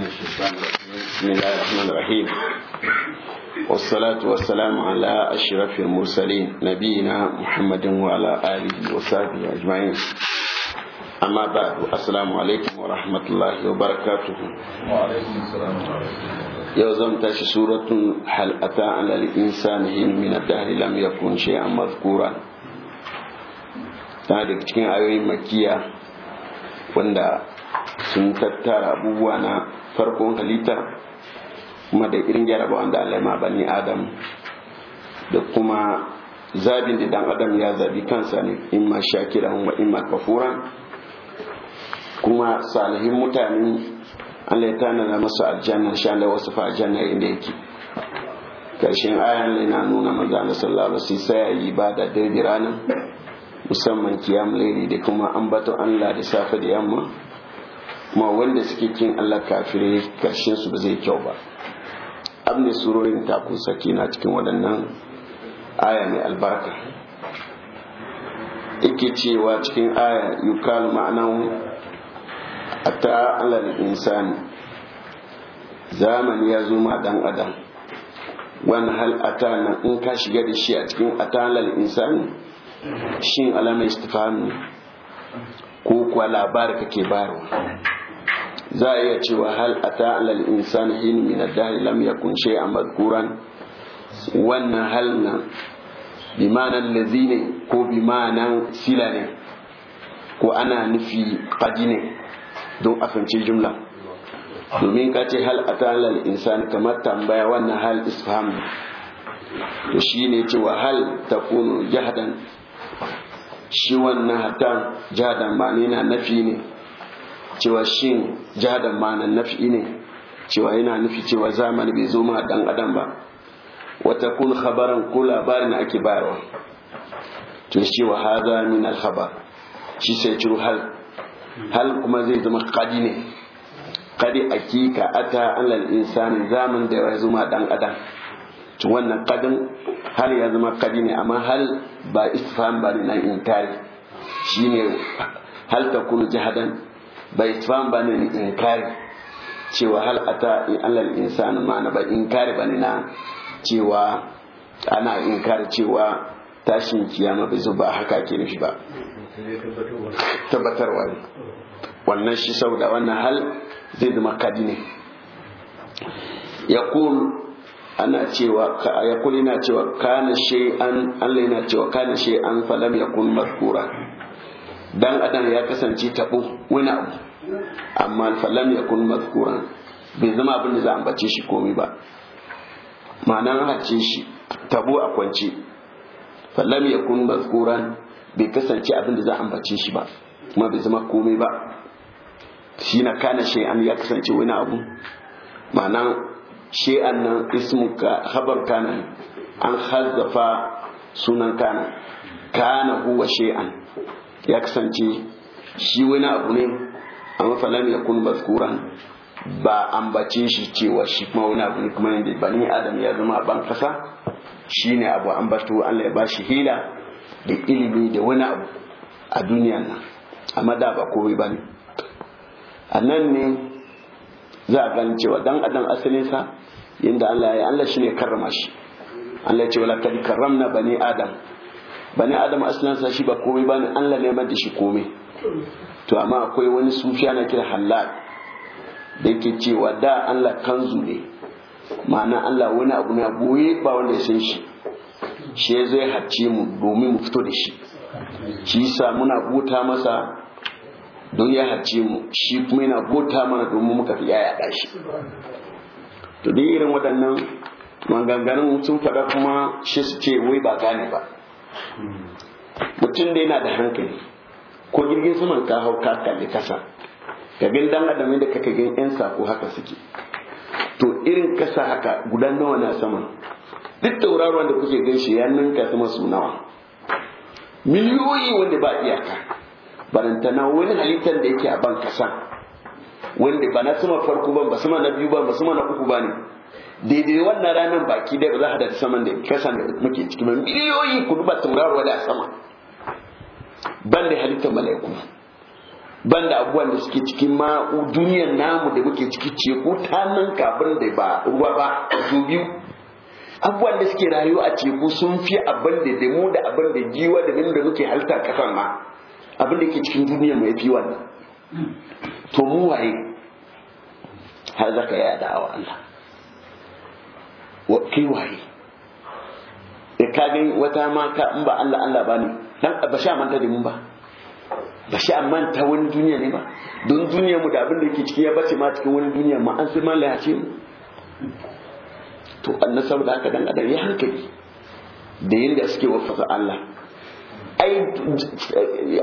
من الشيطان الرجيم بسم الله الرحمن الرحيم والصلاة والسلام على أشرف المرسلين نبينا محمد وعلى آله وصحبه أجمعين أما بعد السلام عليكم ورحمة الله وبركاته وعليكم السلام يوزم تاشي سورة هل أتى على الإنسان حين من الدهر لم يكن شيئا مذكورا tana daga cikin ayoyin makiya wanda sun tattara abubuwa na farkon halitta kuma da irin jarabawan da Allah ma bani adam da kuma zabin da dan adam ya zabi kansa ne in ma shakira wa in ma kafura kuma salihin mutane Allah ya tanada masu aljanna sha Allah wasu fa aljanna inda yake karshen ayan na nuna manzo Allah sallallahu alaihi wasallam sai ya yi ibada daidai ranar musamman kiyam laili da kuma ambaton Allah da safe da yamma Ma wanda suke kin Allah kafire karshen su ba zai kyau ba abne surorin saki na cikin waɗannan aya mai albarka yake cewa cikin aya yukal ma'anan ata alal insani zamani ya zo ma dan adam wani hal ata in ka shiga da shi a cikin ata alal insani shin alama istifam ko kuwa labar kake bayarwa za a iya cewa hal ata alal insan hin min dahi lam ya kunshe a madhkuran wannan hal na bimanan lazi ne ko bimanan sila ne ko ana nufi kaji ne don a fahimci jumla domin ka ce hal ata alal insan kamar tambaya wannan hal isfham to ne cewa hal takunu jihadan. shi wannan hatan jihadan ma ne na nafi ne cewa shin jadan na nafi ne cewa yana nufi cewa zamani bai zo ma dan adam ba wata kun khabaran ko labarin ake bayarwa to cewa hadha min al khabar shi sai ciro hal hal kuma zai zama qadi ne qadi akika ata alal insani zaman da ya zo ma dan adam to wannan kadin hal ya zama kadi ne amma hal ba istifham ba ne na inkari shine hal kunu jahadan ba isfan ba ne inkari cewa hal ata alal insan na ba inkari ba ne na cewa ana inkari cewa tashin kiyama bai zo ba haka ke nufi ba tabbatarwa ne wannan shi sau da wannan hal zai zama kadi ne yaqul ana cewa yaqul na cewa kana shay'an Allah yana cewa kana shay'an falam dan adam ya kasance tabo wani abu amma falam yakun mazkuran bai zama abin da za a ambace shi komai ba ma'anar hace shi tabo a kwance falam yakun mazkuran bai kasance abin da za a ambace shi ba kuma bai zama komai ba shi na kana an ya kasance wani abu ma'anar shay'an nan ismu ka habar kana an hazzafa sunan kana kana huwa shay'an ya kasance shi wani abu ne amma falam yakun baskuran ba ambace shi cewa shi kuma wani abu ne kuma yadda bani adam ya zama a bankasa shi ne abu ambato Allah ya shi hila da ilimi da wani abu a duniyan nan amma da ba ba ne. a nan ne za a gani cewa dan adam asalinsa yadda Allah ya Allah ne karrama shi Allah ya ce wala kad karramna bani adam bani adam sa shi ba komai bane Allah ne mai da shi komai to amma akwai wani sufiya na kira halal da yake cewa da Allah kanzu ne ma'ana Allah wani abu ne goye ba wanda ya san shi shi zai hacce mu domin mu fito da shi shi sa muna bota masa don ya hacce mu shi kuma yana bota mana domin muka fi yaya da shi to dai irin waɗannan maganganun sun faɗa kuma shi su ce wai ba gane ba mutum da yana da hankali ko jirgin saman ka hau ka kalli kasa ka bin dan adamai da kaka gan yan sako haka suke to irin kasa haka guda nawa na saman duk tauraron da kuke gan shi ya ninka sama su nawa miliyoyi wanda ba iyaka barantana wani halittar da yake a ban kasa wanda ba na sama farko ba ba sama na biyu ba ba sama na uku ba ne daidai wannan ranar baki dai ba za a da saman da kasa da muke cikin ba miliyoyi ba duba tauraro da sama ban da halittar malaiku ban da abubuwan da suke cikin ma duniyar namu da muke ciki ce ko ta nan kabin da ba ruwa ba su biyu abubuwan da suke rayuwa a ceku sun fi abin da demo da abin da jiwa da da muke halitta kasan ma abin da ke cikin duniyar mai fi wannan to mu waye har zaka yi da'awa Allah kai waye ka gani wata maka, in ba Allah Allah ba ne dan ba sha manta da mun ba ba sha manta wani duniya ne ba don duniya mu da abin da yake ciki ya bace ma cikin wani duniya ma an sai ma lahace mu to annan saboda haka dan adam ya hankali da yanda suke wafasa Allah ai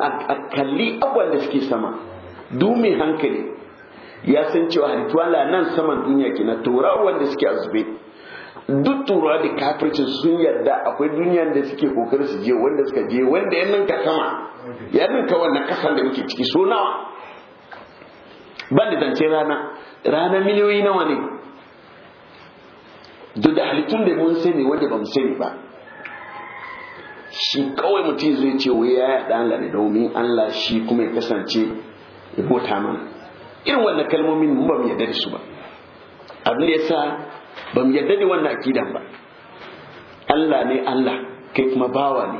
a kalli abubuwan da suke sama Dumi hankali ya san cewa halittu nan saman duniya kina tauraron wanda suke azube duk turawa da kafircin sun yarda akwai duniyar da suke kokari su je wanda suka je wanda ya ninka sama ya ninka wannan kasan da muke ciki so nawa ban da zance rana rana miliyoyi nawa ne duk da halittun da mun sani wanda ba mu sani ba shi kawai mutum zai ce wai ya yaɗa Allah ne domin Allah shi kuma ya kasance ya bota mana irin wannan kalmomin mu ba mu yarda da su ba abin da sa. ba mu yarda da wannan akidan ba Allah ne Allah kai kuma bawa ne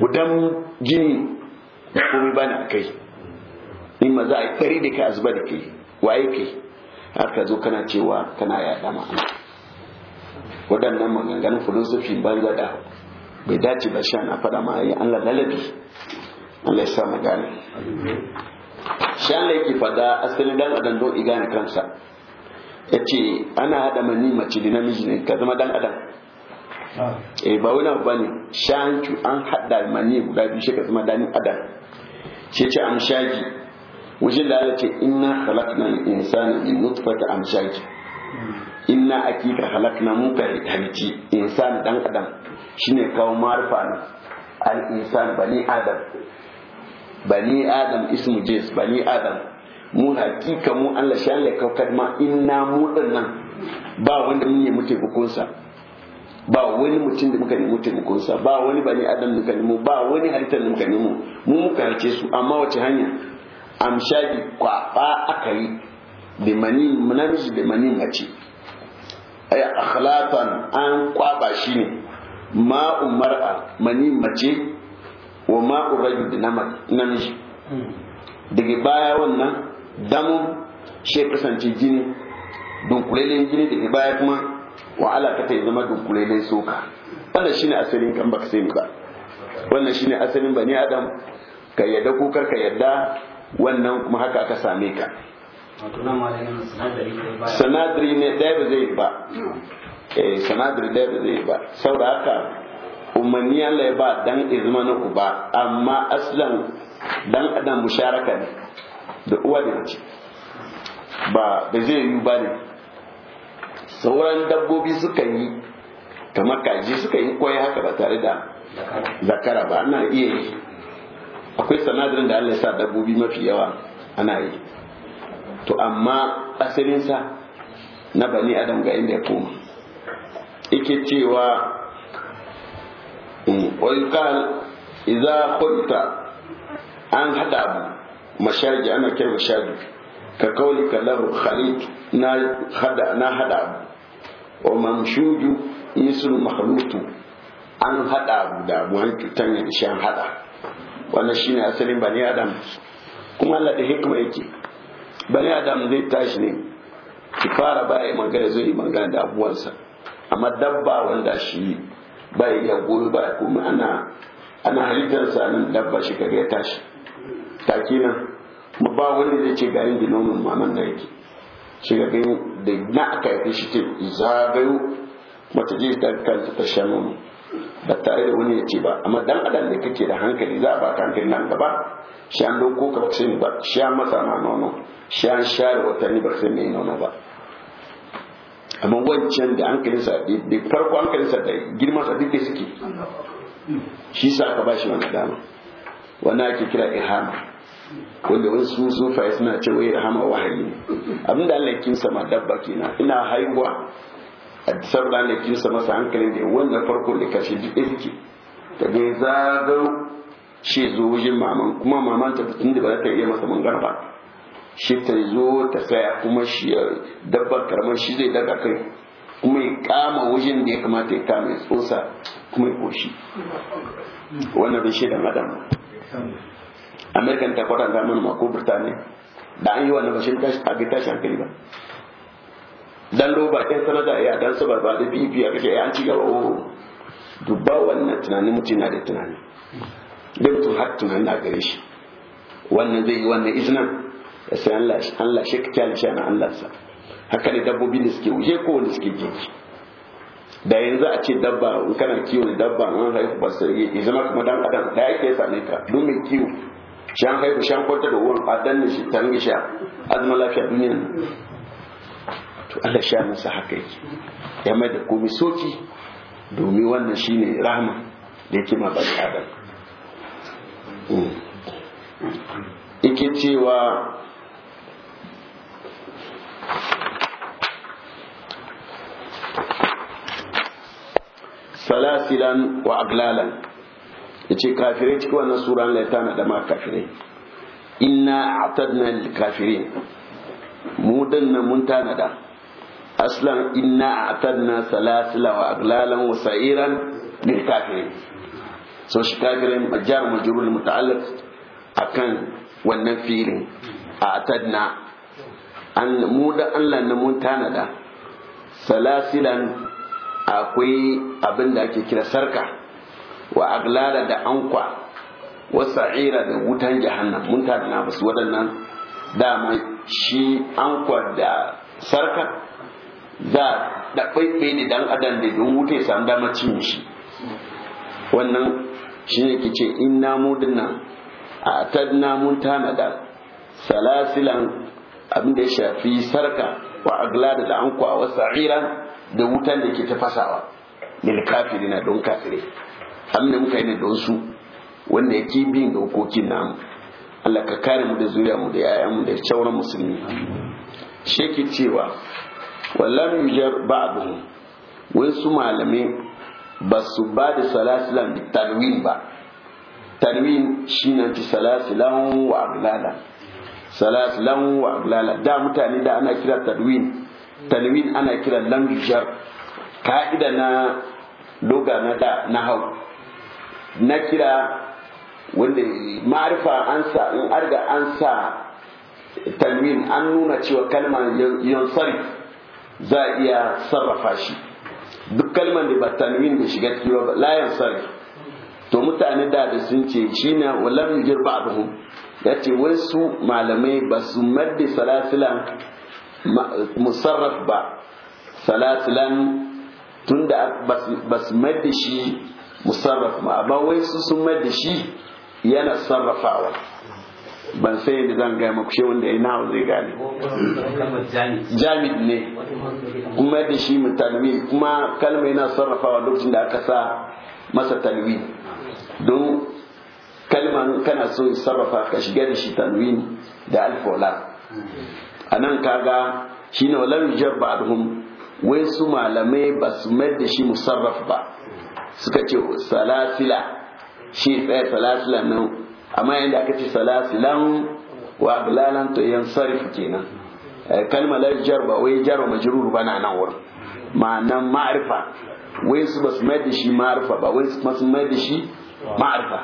gudan jini kuma ba na kai in ma za a yi tsari da ka azuba zuba da kai waye kai har ka zo kana cewa kana yaɗa ma'ana waɗannan maganganun filosofi banza da bai dace ba sha na faɗa ma yi Allah lalabi Allah ya sa magana shi Allah yake faɗa asalin dan adam don gane kansa ya ce ana haɗa mani mace da namiji ne ka zama dan adam ah. eh ba wani abu bane shancu an haɗa mani guda biyu shi ka zama dan adam shi ce amshaji wajen da Allah ce inna khalaqna al-insana min nutfati amshaki hmm. inna akika halakna muka halici insan dan adam shine kawo marfa al insan bani adam bani adam ismu jes bani adam mu hakika mu Allah shi Allah ya kautar ma inna mu nan ba wanda mun nemi taimakonsa ba wani mutum da muka nemi taimakonsa ba wani bani adam da muka ba wani halittar da muka nemo mu muka harce su amma wace hanya amshagi kwafa aka yi da mani namiji da mani mace ay akhlatan an kwaba shi ne ma mar'a mani mace wa ma rajul da namiji hmm. daga baya wannan damu shi kasance jini dunkulelen jini da baya kuma wa ka ta zama dunkulelen soka wannan shine asalin kan baka sani ba wannan shine asalin bani adam ka yadda ko kar ka yadda wannan kuma haka aka same ka sanadri ne ɗaya ba zai ba eh sanadari ɗaya ba zai ba saboda haka umarni Allah ya ba dan ku ba, amma aslan dan adam musharaka ne da uwa da ba ba zai yi ba ne sauran dabbobi suka yi kamar kaji suka yi koyi haka ba tare da zakara ba ana iya yi akwai sanadarin da Allah sa dabbobi mafi yawa ana yi to amma asalinsa na bani adam ga inda ya koma ike cewa ƙwaiƙal mm, iza kwanta an haɗa abu mashaji ana kira mashaji ka kauli ka lahu khalid na hada na hada abu wa mamshuju yisul mahlutu an hada abu da abu an cutan ne shi an hada wannan shine asalin bani adam kuma Allah da hikma yake bani adam zai tashi ne ki fara bai magana zai magana da abuwansa amma dabba wanda shi bai ya gobe ba kuma ana ana halittarsa nan dabba shi kaga ya tashi take nan ba wanda zai ce gari da nonon maman nan yake shi ga bin da na aka yi shi ta zagayo mata je ta kanta ta sha nono ba tare da wani ya ce ba amma dan adam da kake da hankali za a ba ka hankali nan gaba shi an don ka ba sai ba shi an masa ma nono shi an share watanni ba sai mai nono ba amma wancan da hankalinsa da farko hankalinsa da girmansa duk da suke shi sa ka ba shi wani dama wannan ake kira ihama wanda wani sun fa'i suna ce wai rahama wahayi abinda Allah ya kinsa ma dabba kina ina haihuwa a da Allah ya kinsa masa hankalin da wannan farko da kashe duk suke ta ga zagau shi zo wajen maman kuma maman ta tun da ba za ta iya masa mangar ba shi ta zo ta saya kuma shi eh, dabbar karamar shi zai daga kai kuma ya kama wajen da ya kamata ya kama ya tsosa kuma ya koshi wannan bai shi da madama amerika ta kwata mana ma ko birtaniya da an yi wa ba shi a gita tashi hankali ba dan roba ɗin sanada ya dan su ba da bibi a kace an ci gaba o oh, dubba wannan tunanin mutum na da tunani dan tun har tunani na gare shi wannan zai yi wannan iznan sai Allah Allah shi ka kyale shi Allah sa haka ne dabbobi da suke wuce ko wanda suke jeji da yanzu a ce dabba in kana kiwon dabba an haihu ba sai ya zama kuma dan adam da yake same ka don kiwo shan haifu shan kwanta da uwan a ne shi tangi sha azuma lafiya duniya to Allah sha masa haka yake ya mai da komai soki domin wannan shine rahama da yake ma bani adam mm. yake cewa salasilan wa aglalan yace kafirai cikin wannan sura Allah ya tana da ma kafirai inna a'tadna lil kafirin mu dinnan mun tana da aslan inna a'tadna salasila wa aglalan wa sa'iran lil kafirin so shi kafirin majar majrul muta'alliq akan wannan filin a'tadna an mu da Allah na mun tana da salasilan akwai abin da ake kira sarka wa aglala da ankwa wa sa'ira da wutan jahannam mun tana basu waɗannan dama shi ankwa da sarka za da ɓaiɓai ne dan adam da don wuta ya samu damar cin shi wannan shi ne ke ce in namu dinnan a tad namun tanada salasilan abin da ya shafi sarka wa aglada da ankwa wa sa'ira da wutan da ke tafasawa lil kafirina don kafirai abin muka yi ne don su wanda ya ke bin da hukokin namu Allah ka kare mu da zuriya mu da yayan mu da sauran musulmi sheki cewa wallam yujar ba'dhum wai su malamai ba su ba da salasilan da tarwin ba tanwin shine ci salasilan wa aglala salasilan wa aglala da mutane da ana kira tarwin tarwin ana kira lam yujar ka'ida na doga na da na hau na kira wanda ma'arifa an sa in arga an sa tanwin an nuna cewa kalmar 'yansari za a iya sarrafa shi duk kalmar da ba tanwin da shiga kiro ba la to mutane da da sun ce shi shine ba yujir Ya ce wasu malamai ba su maddi salasilan musarraf ba salasilan tun da ba su maddi shi musarraf ma ba wai su sun mai da shi yana sarrafawa ban sai yadda zan gaya maku shewun da ina zai gane jami'in ne kuma da shi mutanwi kuma kalma yana sarrafawa lokacin da aka sa masa talwi don kalman kana so sarrafa ka shiga da shi tanwi da alfola a nan kaga shi ne walar jar ba'adhum wai su malamai ba su mai da shi musarraf ba suka ce salasila shi tsaye salasila nan amma yadda aka ce salasilan wa abulalan to yan sarif kenan eh, kalmar jar ba wai jar wa ba na nan wurin ma'anan ma'arifa wai su ba su mai da shi ma'arifa ba wai su masu mai da shi ma'arifa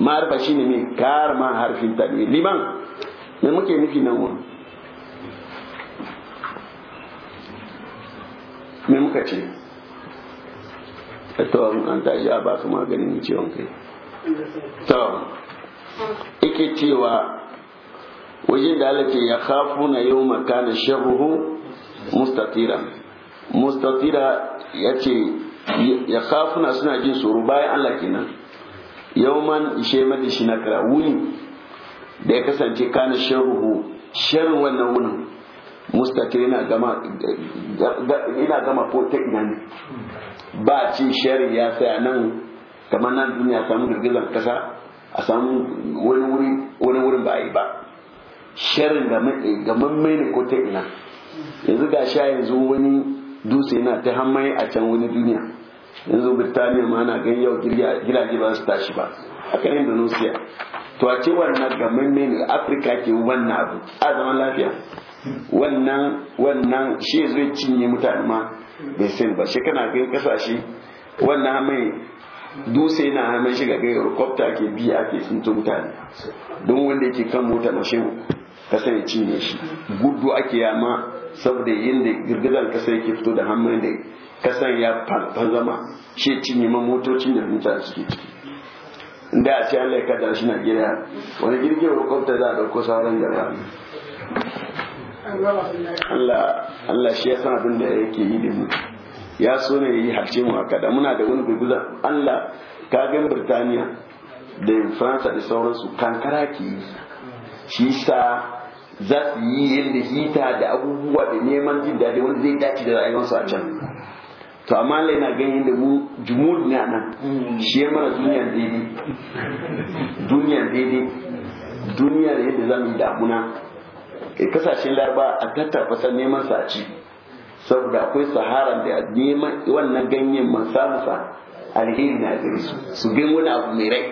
ma'arifa shi ne kar ma harfin tanwin liman mai muke nufi nan wurin mai muka ce wani an tashi a baka maganin ciwon kai to ike cewa wajen da Allah ya khafu na yau makana sharruhu mustatira mustatira ya ce ya khafu na suna jin tsoro bayan Allah kenan yawman ishe madi shi na kara wuni da ya kasance kana sharruhu sharrin wannan wunin mustatira yana gama gama ko tek nan ba cin shari ya sai a nan kamar nan duniya samu girgizar kasa a samu wani wuri wani wurin ba a yi ba sharin ga mammai ne ko ta ina yanzu ga sha yanzu wani dutse na ta hamayi a can wani duniya yanzu birtaniya ma ana gan yau gidaje ba su tashi ba a ne indonesia to a ce wannan ga mammai ne afirka ke wannan abu a zaman lafiya wannan wannan shi zai cinye mutane ma bai sani ba shi kana ga kasashe wannan mai dutse na hannun shi ga gayar kwafta ke biya ake tsinto mutane don wanda yake kan mota mashin ka ya cinye shi gudu ake yama saboda yin da girgizar kasa yake fito da hannun da kasan ya zama shi cinye ma motocin da mutane suke ciki da a ce Allah ya kada shi na gida wani girgin kwafta za a dauko sauran gaba Allah shi ya san abin da yake yi da mu ya so ne yi harce mu haka da muna da wani gurguza Allah ka gani Birtaniya da Faransa da sauransu kankara ke yi shi sa za su yi yadda hita da abubuwa da neman jin daɗi wanda zai dace da rayuwarsu a can to amma Allah yana ganin da mu jumud ne a nan shi ya mara duniya daidai duniya daidai duniya da yadda za mu yi damuna Eh, kasashen larba a tattafa san neman sa a ci saboda akwai sahara da neman wannan ganyen man samu sa alheri na gari su su gan wani abu mai rai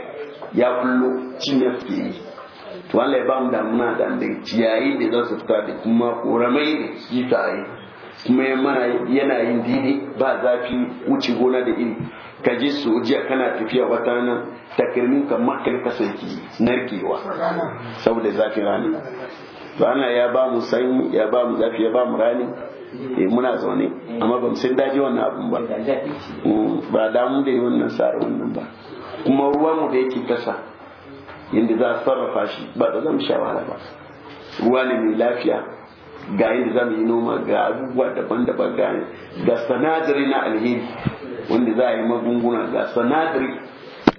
ya kullo cin ya suke yi to an ya ba mu damuna da da ciyayi da za su fita da kuma koramai da yi. kuma yana yin dini ba zafi wuce gona da iri ka je su jiya kana tafiya wata nan takirmin ka makar kasance narkewa saboda zafin rana to ana ya ba mu sanyi ya ba mu zafi ya ba mu rani eh muna zaune amma ba san daji wannan abun ba mm, ba da mu da wannan sare wannan ba kuma ruwan mu da yake kasa yadda za a sarrafa shi ba da zan sha wahala ba ruwa ne mai lafiya ga yadda za mu yi noma ga abubuwa daban-daban ga ga sanadari na alheri wanda za a yi magunguna ga sanadari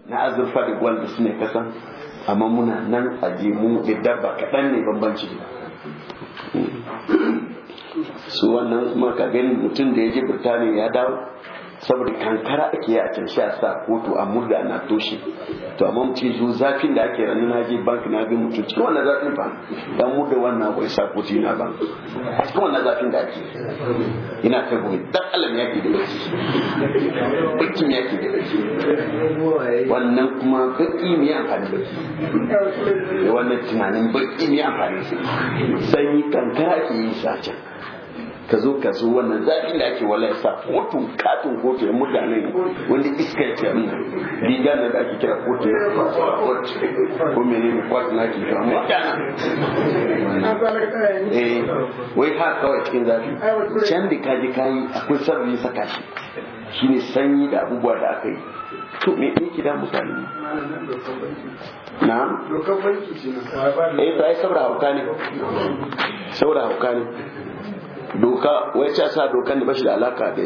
na azurfa da gwal da su ne kasan amma muna nan aje mu da ba kaɗan ne bambanci da su wannan kuma ka gani mutum da ya je birtaniya ya dawo saboda kankara ake yi a can sha sa kotu a murda na toshe to amma mutum zo zafin da ake rani na je bank na bi mutum cikin wannan zafin ba dan murda wannan akwai sa kotu na ba a cikin wannan zafin da ake ina kai gobe dan alam yaki da baki bakin yaki da baki wannan kuma baki mai amfani baki wannan tunanin baki mai amfani sai sanyi kankara ake yi sa can ta zo ka zo wannan zafin da ake wala sa hoto katin hoto ya mutane wanda iska ya tamu riga na da ake kira hoto ya ko mene ne kwat na ake kira mutane eh wai ha kawai cikin zafi can da kaji kayi akwai ya saka shi ne sanyi da abubuwa da aka yi to me in da mutane na eh to ai saboda hauka ne saboda hauka ne doka wai ce sa dokan da bashi da alaka da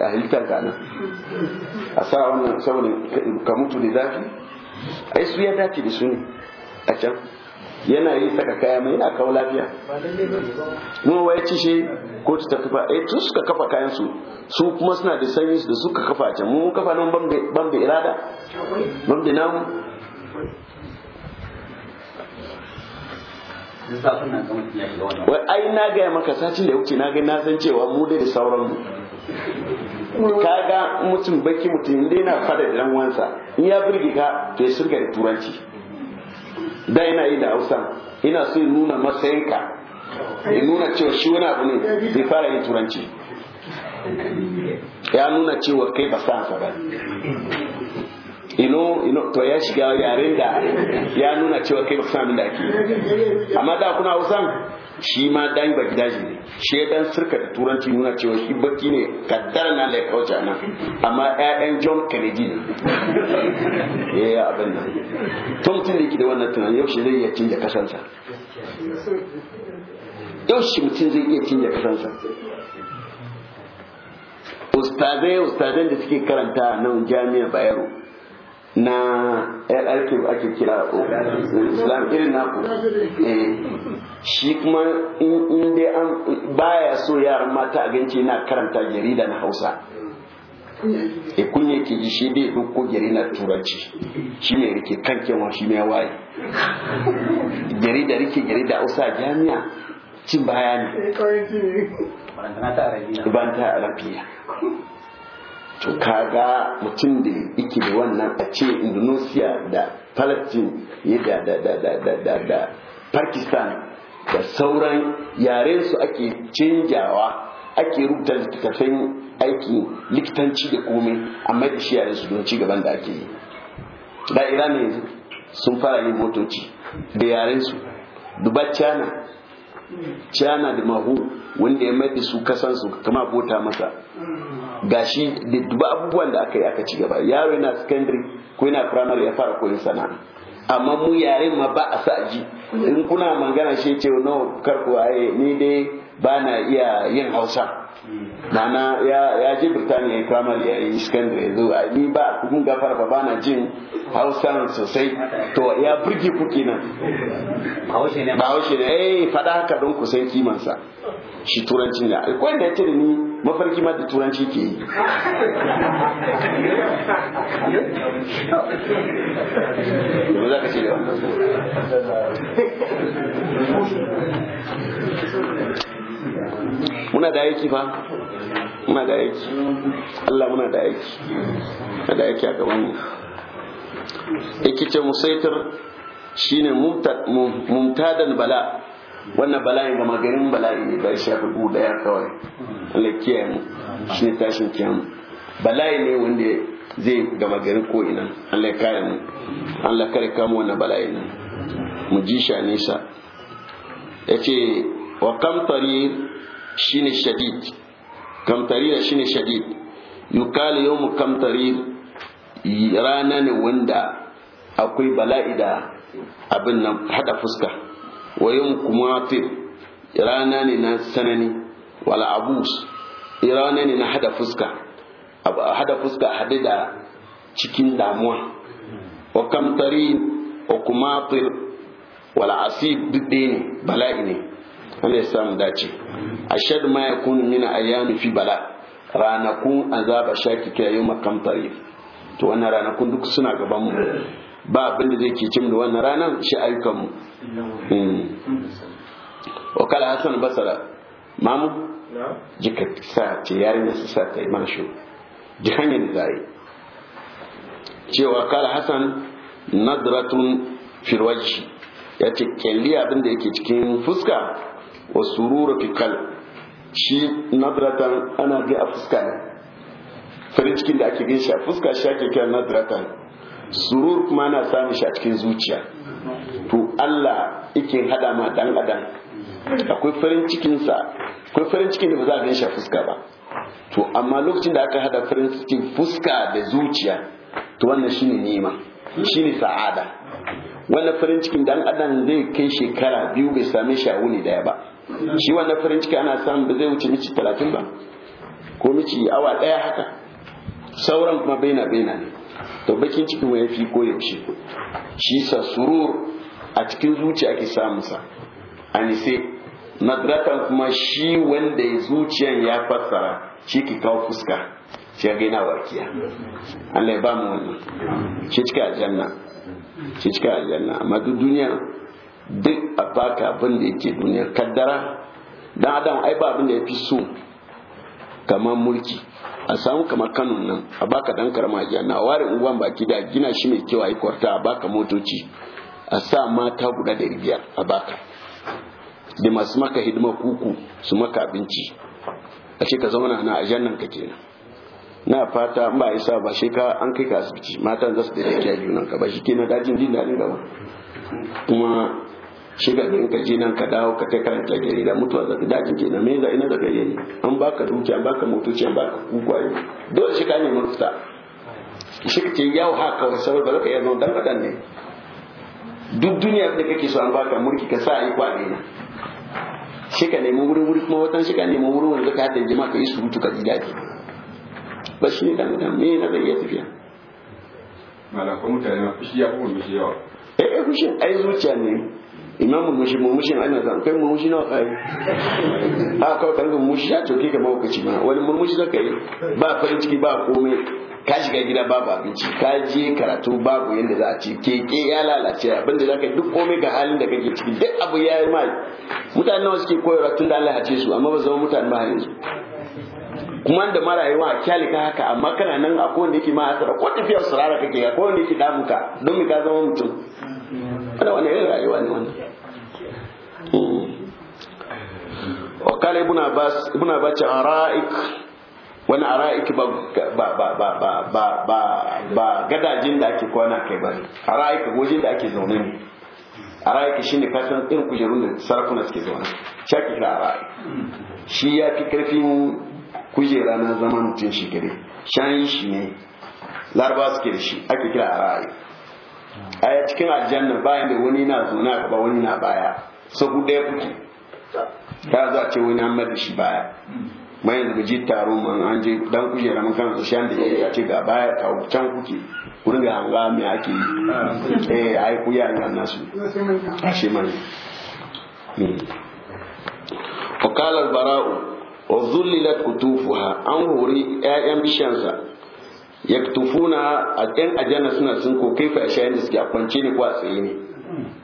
a halittar ka a sa wannan saboda ka mutu da zafi ai su ya dace da su ne a can yana yi saka kaya mai yana kawo lafiya kuma wai ci shi ko ta kafa ai eh, tun suka kafa kayan su su kuma suna da sanyi da suka kafa can mun kafa nan bambe irada bambe namu wai ai na gaya maka sacin da wuce na ga na san cewa mu da sauran mu ga mutum baki mutum inda yana fada da ranwansa in ya birge ka to ya da turanci da yana yi da hausa ina so ya nuna matsayinka ya nuna cewa shi wani abu ne zai fara yin turanci ya nuna cewa kai ba sa ba ino ino to ya shiga yaren da ya nuna cewa kai ba san da ake amma da kuna hausan shi ma dan ba gidaje ne shi dan sirka da turanci nuna cewa shi baki ne kaddara na da kauce nan amma ƴaƴan John Kennedy ne eh abin nan to mutum da yake da wannan tunanin yau shi zai iya canja kasansa yau shi mutum zai iya canja kasansa ustazai ustazan da suke karanta nan jami'a bayero na yan ake kira islam irin naku eh. shi kuma in dai an baya so yaran mata a ganci na karanta jarida na hausa e kun yake ji shi dai ko jarida turanci shi ne rike kan wa shi ne waye jarida rike jarida hausa jami'a cin baya ne ban ta arabiya to kaga mutum da yake da wannan a ce indonesia da palestine da da da da da da da pakistan da sauran yaren su ake canjawa ake rubuta littattafan aiki likitanci da komai amma da shi yare su don ci gaban da ake yi da iran yanzu sun fara yin motoci da yare su duba china china da mahu wanda ya mai da su kasansu kama bota masa gashi da ba abubuwan da aka yi aka ci gaba yaro yana secondary ko yana primary ya fara koyon sana'a amma mu yare ma ba a sa ji in kuna magana shi ce no kar aye ni dai ba na iya yin hausa nana ya ji birtaniya ya kama ya yi iskandar ya zo ni ba kun gafar ba bana jin hausan sosai to ya burge ku kenan ba haushe ne eh fada haka don ku san kimansa shi turancin ya akwai da ya ce ni mafarki ma da turanci ke yi ce da wannan muna da aiki fa muna da aiki Allah muna da aiki muna da aiki a gaban mu yake ce musaitar shine mumtadan bala wannan bala'in ga magarin bala'i ne da shafi ku daya kawai Allah kiyaye mu shine tashin kiyamu. bala'i ne wanda zai gama garin ko ina Allah ya kare mu Allah kare kama wannan bala'i ne mu ji sha nisa yace wa kamtarir shine shadid kamtarira shine shadid yukali yawmu kamtarir rana ne wanda akwai bala'i da abin nan hada fuska wa yawmu kumatir rana ne na sanani wala abus rana ne na hada fuska hada fuska hade da cikin damuwa wa kamtarin wa kumatir wala asib duk ne bala'i ne Allah ya samu dace ashad ma yakunu min ayyami fi bala ranakun azaba shaki kira yau makam tarif to wannan ranakun duk suna gaban mu ba abin da zai ke cim da wannan ranan shi ayyukan mu hmm. wa kala hasan basara mamu jika sa ce yarinya su sa ta yi mana shi ji hanyar da zai cewa kala hasan nadratun firwaji ya ce kyalli abin da yake cikin fuska wa sururu kikal shi nadratan ana ga a fuska ne farin cikin da ake gan shi a fuska shi ake kira nadratan surur kuma ana sami shi a cikin zuciya to Allah yake hada ma dan adam akwai farin cikin sa akwai farin cikin da ba za a gan shi a fuska ba to amma lokacin da aka hada farin cikin fuska da zuciya to wannan shine nema shine sa'ada wannan farin cikin dan adam zai kai shekara biyu bai same shi a wuni daya ba shi wannan farin ciki ana samu ba zai wuce mici talatin ba ko mici awa ɗaya haka sauran kuma baina baina ne to bakin cikin wa yafi ko yaushe shi sa surur a cikin zuciya ake samun sa anise nadratan kuma shi wanda ya zuciyan ya fassara shi ke kawo fuska shi ga yana warkiya Allah ya ba mu wannan shi cika aljanna shi cika aljanna amma duk duniya duk a baka abin da yake duniyar kaddara dan adam ai ba abin da ya fi so kamar mulki a samu kamar kanun nan a baka dan karama a na ware unguwan baki da gina shi mai kyau a yi kwarta a baka motoci a sa mata guda da biyar a baka da masu maka hidima kuku su maka abinci a ka zauna na ajiyar nan ka kenan na fata in ba isa ba shi an kai ka asibiti matan za su da juna ka ba shi kenan dajin jin daɗin gaba kuma shiga ga garin ka je ka dawo ka kai karanta da mutuwa za ka dajin kenan me za ina daga yayi an baka duki an baka motoci an baka kukwaye dole shi ka ne mafita shi ka ce yau ha wasu sabar ba ka iya zama dan kadan ne duk duniya da kake so an baka mulki ka sa yi kwaɗe na shi ka nemi wurin wuri kuma watan shi ka nemi wurin wanda ka haɗa jima ka yi mutu ka ji daɗi ba shi ne dan kadan me na zai iya tafiya malakon mutane ma fushi ya kuma shi yawa eh, eh fushin ai zuciya ne imam murmushi murmushin ana zan kai murmushi nawa kai a ka kan murmushi ya toke ka mawukaci ma wani murmushi zaka yi ba farin ciki ba komai ka shiga gida babu abinci ka je karatu babu yanda za a ci keke ya lalace abinda zaka duk komai ga halin da kake ciki duk abu ya yi mai mutane nawa suke koyarwa tun da Allah ya ce su amma ba zama mutane ba yanzu kuma da marayuwa a kyalika ka haka amma kana nan akwai wanda yake ma asara ko tafiyar surara kake akwai wanda yake damuka don me ka zama mutum wani wani irin rayuwa ne wani? wakala ibn abbas wani ba ba ba ba ba ba gadajin da ake kwana kai ba ara'ik gojin da ake zaune ne shi ne kasan irin kujerun da sarakuna suke zaune shaki da ara'ik shi ya fi ƙarfin kujera na zaman mutum shi gare shan shi ne larabawa suke da shi ake kira ara'ik aya cikin aljanna bayan da wani na zo na gaba wani na baya sabu ɗaya kuke ta za a ce wani an mada shi baya mai yanzu ji taro man an je dan kujera mun kan su shan da ya ce ga baya ka can kuke ku hanga me ake yi eh ai ku nasu ashe mai وقال yaktufuna a ɗan ajana suna sun ko kai fa ashayin da suke a kwance ne ko a tsaye ne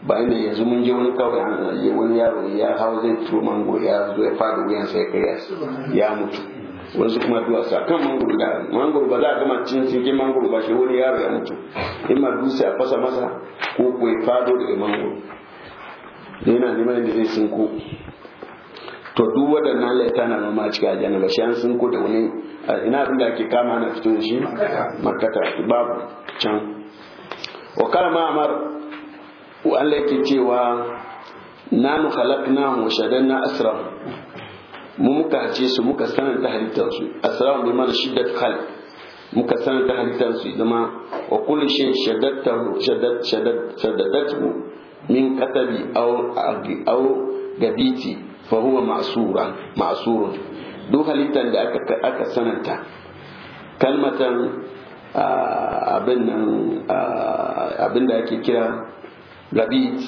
bayan ne yanzu mun je wani kawai wani yaro ya hawo zai turo mango ya zo ya fada wuyan sai kai ya mutu wasu kuma duwatsu a kan mangoro da mangoro ba za a gama cin cikin mangoro ba shi wani yaro ya mutu in ma dutse a fasa masa ko ko ya fado daga mangoro da yana neman yadda zai sinko to duk waɗannan laita na noma a cikin aljanna ba shi an sinko da wani ina inda ake kama na fito da shi makata babu can wa kala ma'amar Allah yake cewa nanu khalaqnahu wa shadanna asra mu muka ce su muka sanar da halittar su asra bi mana shiddat khalq muka sanar da halittar su zama wa kullu shay shaddatahu shaddat shaddat shaddatatu min qatabi aw aw gabiti fa huwa ma'sura ma'surun duk halittar da aka sananta kalmatan abin da ake kira rabit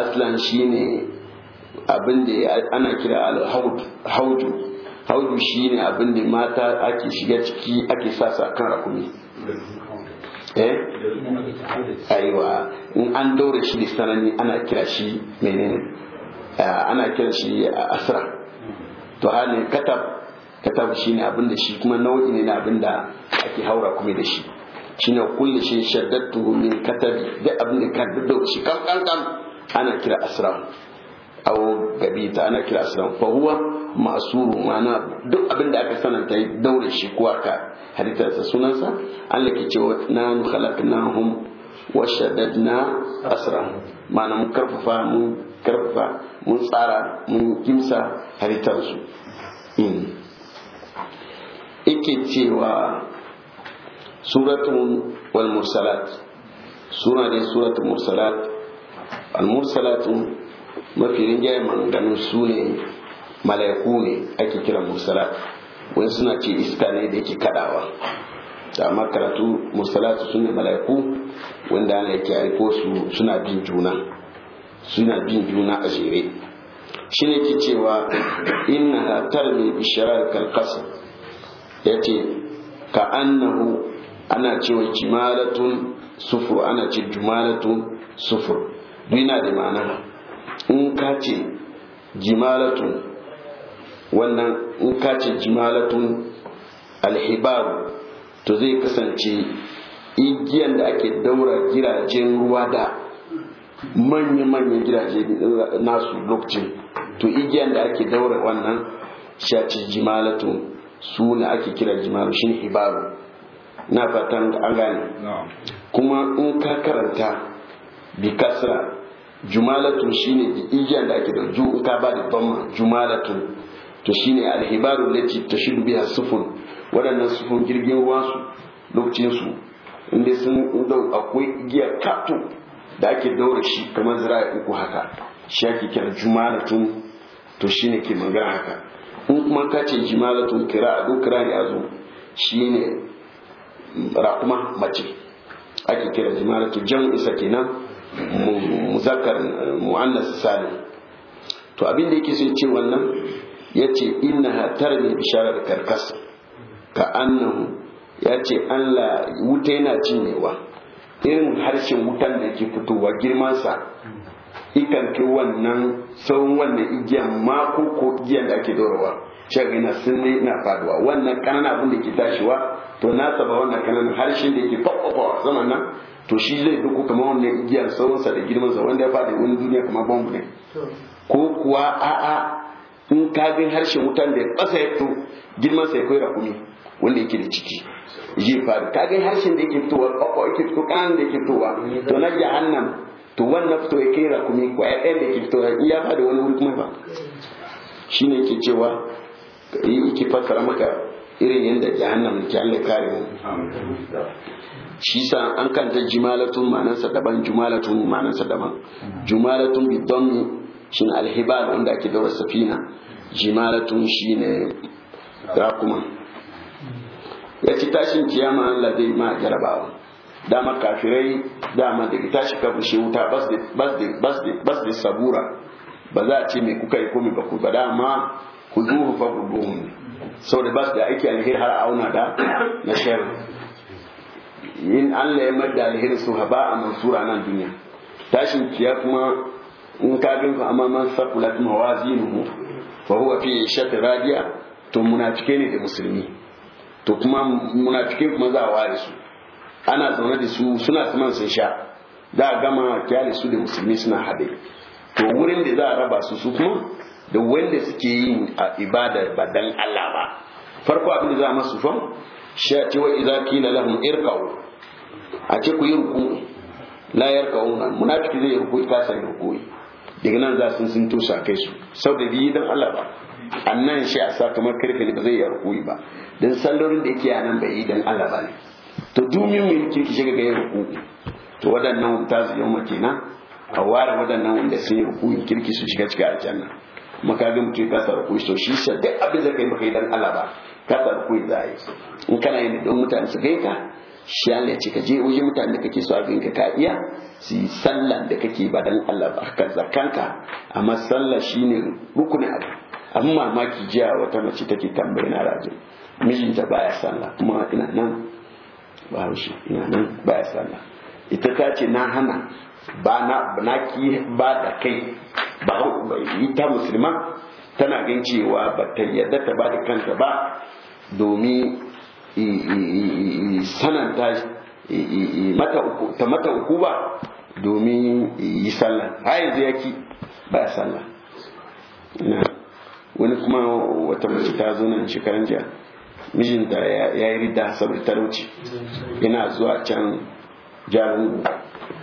aslan shine abin da ana kira alhaudu haudu ne abin da mata ake shiga ciki ake sasa kan rakumi eh aiwa in an daure shi da sanani ana kira shi menene ana kira shi asra to hali katab katab shine ne abinda shi kuma nau'i ne na abinda ake haura kuma da shi ne kulle shi shaddatu min katabi da abinda da ka dudda shi kan kan kan ana kira asram aw gabita ana kira asram fa huwa masuru mana duk abinda aka sananta yi daure shi ko aka haditarsa sunansa Allah ke cewa na khalaqnahum wa shaddadna asram mana mun karfafa mun karfafa mun tsara mun kimsa halittarsu in ike cewa suratun walmursalat suna ne suratun mursalat al mafi rinjaye maganganu su ne malayaku ne ake kira mursalat wani suna ce iska ne da yake kadawa da amma karatu mursalatu su ne malayaku wanda ana yake aiko su suna bin juna suna bin juna a zere shi ne ke cewa inna ha tarmi bi karkasa? ya ce ka annahu ana cewa jimalatun sufur ana ce jumalatun sufur duna da ma'ana in ka ce jimalatun wannan in ka ce jimalatun alhibaru to zai kasance igiyan da ake daura jiragen ruwa da manya-manyan gidaje nasu lokacin to igiyan da ake daura wannan shaci jimalatu su ne ake kira jimalu shi ibaru. na fatan da an gane kuma in ka karanta bi kasra jumalatu shine igiyan da ake da in ka ba da bamma jumalatu to ne alhibaru lati tashidu biha sufun waɗannan sufun jirgin ruwan su lokacin su inda sun dau akwai igiyar kato da ake daura shi kamar zira'i uku haka shi ake kira jumalatun to shi ne ke magana haka in kuma ka ce jimalatun kira a dukira ne a zo shi ne rakuma mace ake kira jumalatun jan isa nan muzakar, mu'annas salim to abin da yake sun ce wannan ya ce inna tarmi bisharar karkas ka annahu ya ce Allah wuta yana cinyewa irin harshen wutan da ke fitowa girmansa ikan kai wannan tsawon wannan igiyan mako ko igiyan da ake dorowa shaga na sinne na faduwa wannan kanan abin da ke tashiwa to na saba wannan kanan harshen da ke fafafa zaman nan to shi zai duku kamar wannan igiyan tsawonsa da girmansa wanda ya faɗi wani duniya kamar bambu ne ko kuwa a'a in ka harshen wutan da ya ƙasa ya fito girmansa ya kai rakumi wanda yake da ciki jifar faru ga harshen da yake fitowa kwakwa yake fito kan da yake fitowa to na jahannam to wannan fito ya kai kuma ko ya da yake fitowa ya da wani wuri kuma ba shine yake cewa yake fassara maka irin yadda jahannam ke Allah kare mu shi sa an kanta jimalatun ma'anarsa daban jumalatun ma'anarsa daban jumalatun bidon shi ne alhibar wanda ake daura safina jimalatun shi ne ya ci tashin kiyama Allah zai ma jarabawa dama kafirai dama da tashi kafin shi wuta bas da sabura ba za a ce me kuka yi komi ba ku ba dama ku zuhu fa ku ne da bas da aiki alheri har auna da na shari in Allah ya mai da alheri su haba a mansura nan duniya tashin kiya kuma in ka bin ku amma man sakulat mawazinuhu fa huwa fi shati radiya to munafike ne da musulmi to kuma munafikin kuma za a ware su ana zaune da su suna saman sun sha za gama kyale su da musulmi suna haɗe to wurin da za a raba su su kuma da wanda suke yin ibada ba dan Allah ba farko abin da za a masu fam shi a ce wa idza qila lahum irka'u a ce ku yi ruku la yarka'una munafiki zai ruku ta sai ruku daga nan za sun sun tosa kai su sau da biyu dan Allah ba annan shi a sakamar kamar karfe ne ba zai yarku ba don sallolin da yake a nan bai yi dan Allah ba ne to dumin min kirki shiga ga yarku to waɗannan ta su yau kenan a ware waɗannan wanda sun yi rukunin kirki su shiga cikin aljanna makagin mutum ka sa rukuni to shi sa duk abin da kai baka yi dan Allah ba ka sa rukuni za a yi in kana yin don mutane su kai ka shi Allah ya ce ka je wajen mutane da kake so a ganka ka iya su yi sallan da kake ba dan Allah ba ka zakanka amma sallah shine rukunin abu an mamaki jiya wata mace take tambaye na rajin mijinta ya sanna kuma ina nan ba shi ina nan ya sanna ita ta ce na hana ba na na ki ba da kai ba ita musulma tana gan cewa ba ta yadda ta ba da kanta ba domin sananta ta mata uku ba domin yi sallah ha yanzu yaki ba sallah wani kuma wata mace ta zo nan shekaran jiya mijinta ya yi rida saboda talauci yana zuwa can jarin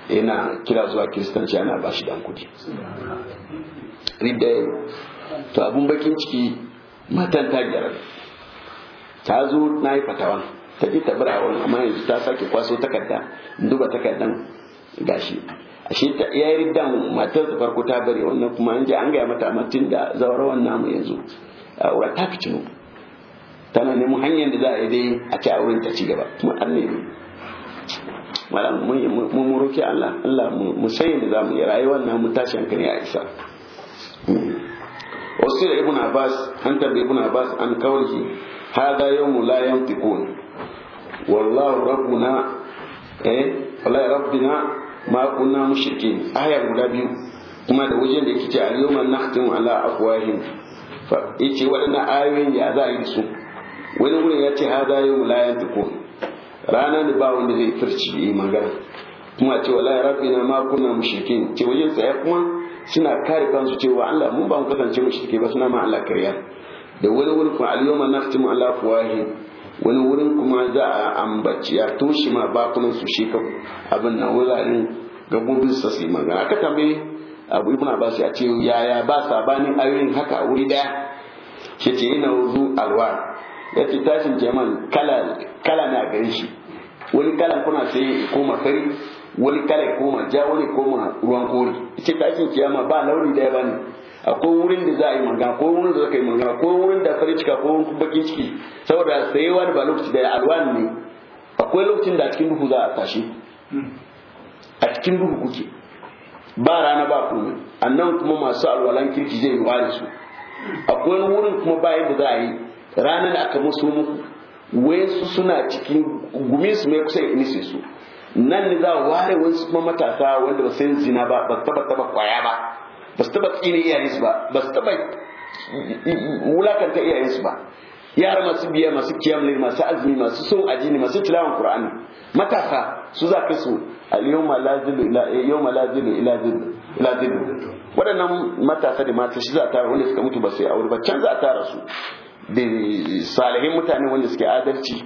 yana kira zuwa kiristanci ana ba shi dan kudi rida to abun bakin ciki matan ta gyara ta zo na yi fatawan ta ƙi ta amma yanzu ta sake kwaso takarda duba takardan gashi ashe ta yayi matar matarsa farko ta bari wannan kuma an je an gaya mata amma da zawarawan namu yanzu wurin ta fi cinu tana nemi hanyar da za a yi dai a ci auren ta ci gaba kuma an ne malam mun mu roki Allah Allah mu sai da zamu yi rayuwar namu tashi hankali a isa wasu da ibn abbas an tabbi ibn abbas an kawai hada yawmu la yantiqun wallahu rabbuna eh ma kunna mushrikin ayar guda biyu kuma da wajen da yake ce yau man nakhtimu ala afwahihim fa yace waɗannan ayoyin ya za a yi su wani gurin ya ce za yi la yantiku rana ne ba wanda zai furci yi magana kuma ce wala rabbina ma kunna mushrikin ce wajen tsaya kuma suna kare kansu cewa Allah mun ba mu kasance mushrike ba suna ma Allah kariya da wani wani kuma al-yawma nakhtimu ala afwahihim wani wurin kuma za a ambaci a toshe ma bakunan su shi ka abin na wuraren gabobin sa su magana aka tambaye abu ibn abbas ya ce yaya ba sabanin ayoyin haka wuri daya shi ce yana wuzu alwa ya ce tashin jaman kala kala na gari shi wani kala kuna sai koma fari wani kala koma ja wani koma ruwan kori ce tashin kiyama ba launi daya bane akwai wurin da za a yi manga ko wurin da za ka yi manga ko wurin da farin ciki ko wurin bakin ciki saboda sayewa da ba lokaci da alwan ne akwai lokacin da a cikin duhu za a tashi a cikin duhu kuke ba rana ba komai annan kuma masu alwalan kirki zai da su akwai wurin kuma bayan da za a yi ranar da aka musu muku wayansu suna cikin gumi su mai kusa inise su nan ne za a ware wasu kuma matasa wanda ba sai zina ba ba taba taba kwaya ba ba su taba tsine iyayensu ba ba su taba wulakanta su ba yara masu biya masu kiyamle masu azumi masu son ajini masu tilawan qur'ani matasa su za ka su yawma lazilu ila yawma lazilu ila zilu ila zilu waɗannan matasa da mata shi za a tara wanda suka mutu ba sai aure ba can za a tara su da salihin mutane wanda suke adalci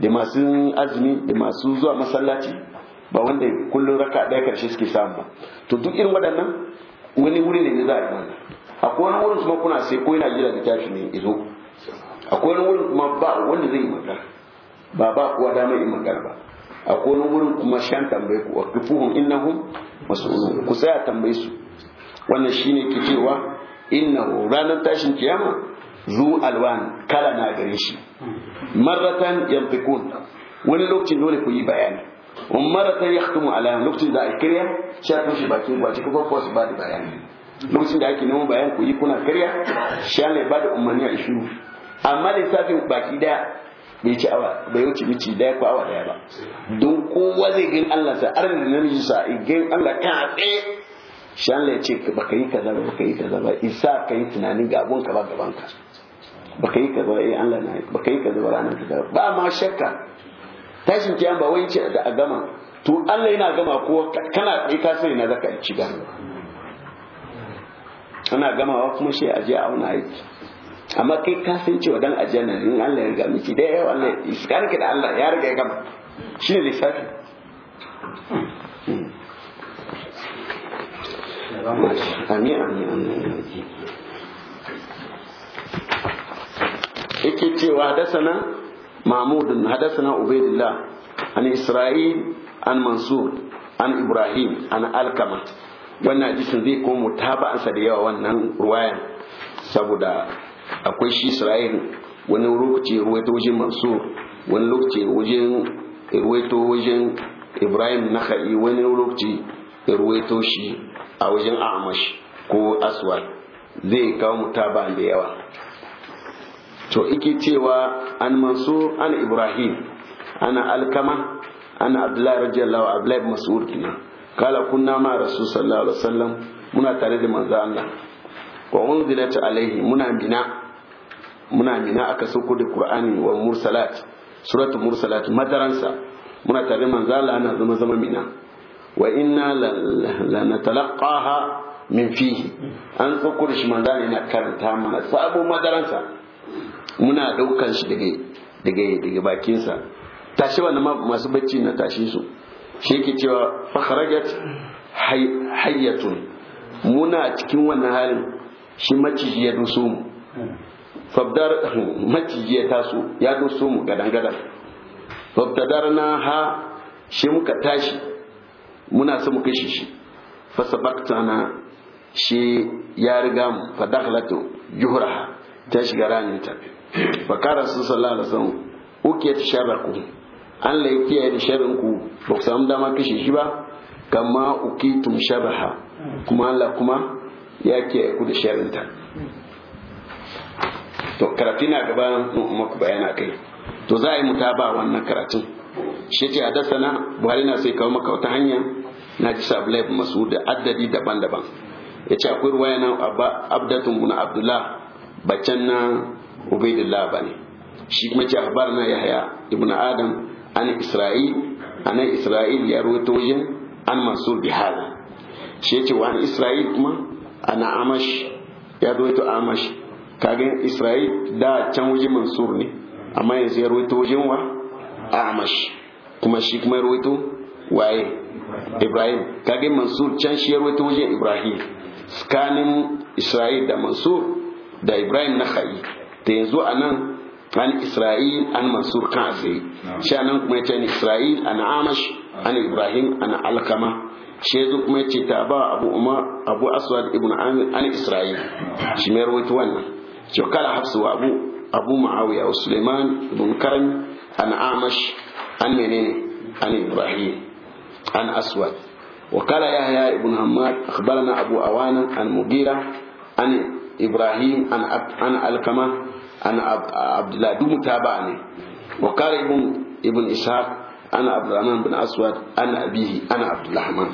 da masu azumi da masu zuwa masallaci ba wanda kullum raka ɗaya karshe suke samu to duk irin waɗannan wani wuri ne za a yi wannan akwai wani wurin kuma kuna sai ko yana jira tashi ne izo akwai wani wurin kuma ba wanda zai yi magana ba ba kuwa dama yi magana ba akwai wani wurin kuma shan tambaye ku wakifuhum innahum mas'ulun ku a tambaye su wannan shine ke cewa innahu ranar tashin kiyama zu alwan kala na gare shi marratan yantikun wani lokacin dole ku yi bayani wani ta yi hakimu ala lokacin da a kirya shi a tushe bakin gwaci kuma kuwa su ba da bayani lokacin da ake neman bayan ku yi kuna kariya shi ne ba da umarni a ishiru amma lissafin baki daya bai ci awa bai wuce miki daya ko awa daya ba don kowa zai gani Allah sa arin da namiji sa igin Allah kan tsaye shi Allah ya ce baka yi kaza ba baka yi kaza ba isa ka yi tunanin gabon ka ba gaban ka baka yi kaza ba eh Allah na baka yi kaza ba ranar kaza ba ma shakka tashin kiyan ba wani ce a gama to Allah yana gama ko kana kai ka sani na zaka ci ciga ana gamawa kuma shi aje auna aiki amma kai ka san cewa dan aljanna in Allah ya riga miki da yawa Allah iska ki da Allah ya riga ya gama shine lissafi amin amin amin yake cewa da sana محمود حدثنا na الله عن Isra'il an Mansur عن Ibrahim an Alkama, wannan hadisin zai komo taba'ansa da yawa wannan ruwayan saboda akwai shi isra'il wani lokaci ruwaito wajen mansur wani lokaci wajen ruwaito wajen ibrahim naka'i wani lokaci ruwaito a wajen amash ko aswad zai kawo mutaba da yawa to ike cewa an manso an ibrahim ana alkama ana abdullahi rajiyallahu abdullahi mas'ud kenan kala kunna ma rasul sallallahu alaihi wasallam muna tare da manzo Allah wa unzilat alaihi muna bina muna bina aka sauko da qur'ani wa mursalat suratul mursalat madaransa muna tare manzo Allah ana zama zama mina wa inna lanatalaqaha min fihi an sauko da shi manzo Allah yana karanta mana sabon madaransa muna daukan shi daga daga daga bakinsa tashi wannan masu bacci na tashi su shi yake cewa fakharajat hayyatun muna cikin wannan halin shi maciji ya duso mu fabdar maciji ya taso ya duso mu gadan gadan na ha shi muka tashi muna so mu kashe shi fasabaktana shi ya riga mu fadaklatu juhra ta shiga ranin tafi fakara su sallallahu alaihi wasallam uke ta ku Allah ya kiyaye da sharin ku ba ku samu dama kashe shi ba tun ukitum ha kuma Allah kuma ya kiyaye ku da sharrin ta to karatu na gaba muku bayana kai to za a yi mutaba wannan karatun shi ce a na buhari na sai kawo maka wata hanya na ji sabulai masu da addadi daban-daban ya ce akwai ruwa na abdatun abdullah baccan na ubaidullah ba ne shi kuma ce akhbar na yahya ibn adam an isra'il an isra'il ya rawaito wajen an masu bihada shi yace wa an isra'il kuma ana amash ya rawaito amash kaga isra'il da can wajen mansur ne amma yanzu ya rawaito wajen wa amash kuma shi kuma ya rawaito waye ibrahim kaga mansur can shi ya rawaito wajen ibrahim tsakanin isra'il da mansur da ibrahim na ha'i ta yanzu a nan an isra'il an mansur kan asiri shi a nan kuma yace an isra'il an amash an ibrahim an alkama shi yanzu kuma yace ta ba abu umar abu aswad ibn amir an isra'il shi mai rawaito wannan shi kala hafsu wa abu abu muawiya wa suleiman ibn karam an amash an menene an ibrahim an aswad وقال يحيى ابن حماد اخبرنا ابو اوانا عن مغيره عن ibrahim an an alkama an abdullah du mutaba ne wa qala ibn ibn ishaq an abdurrahman bin aswad an abihi an abdurrahman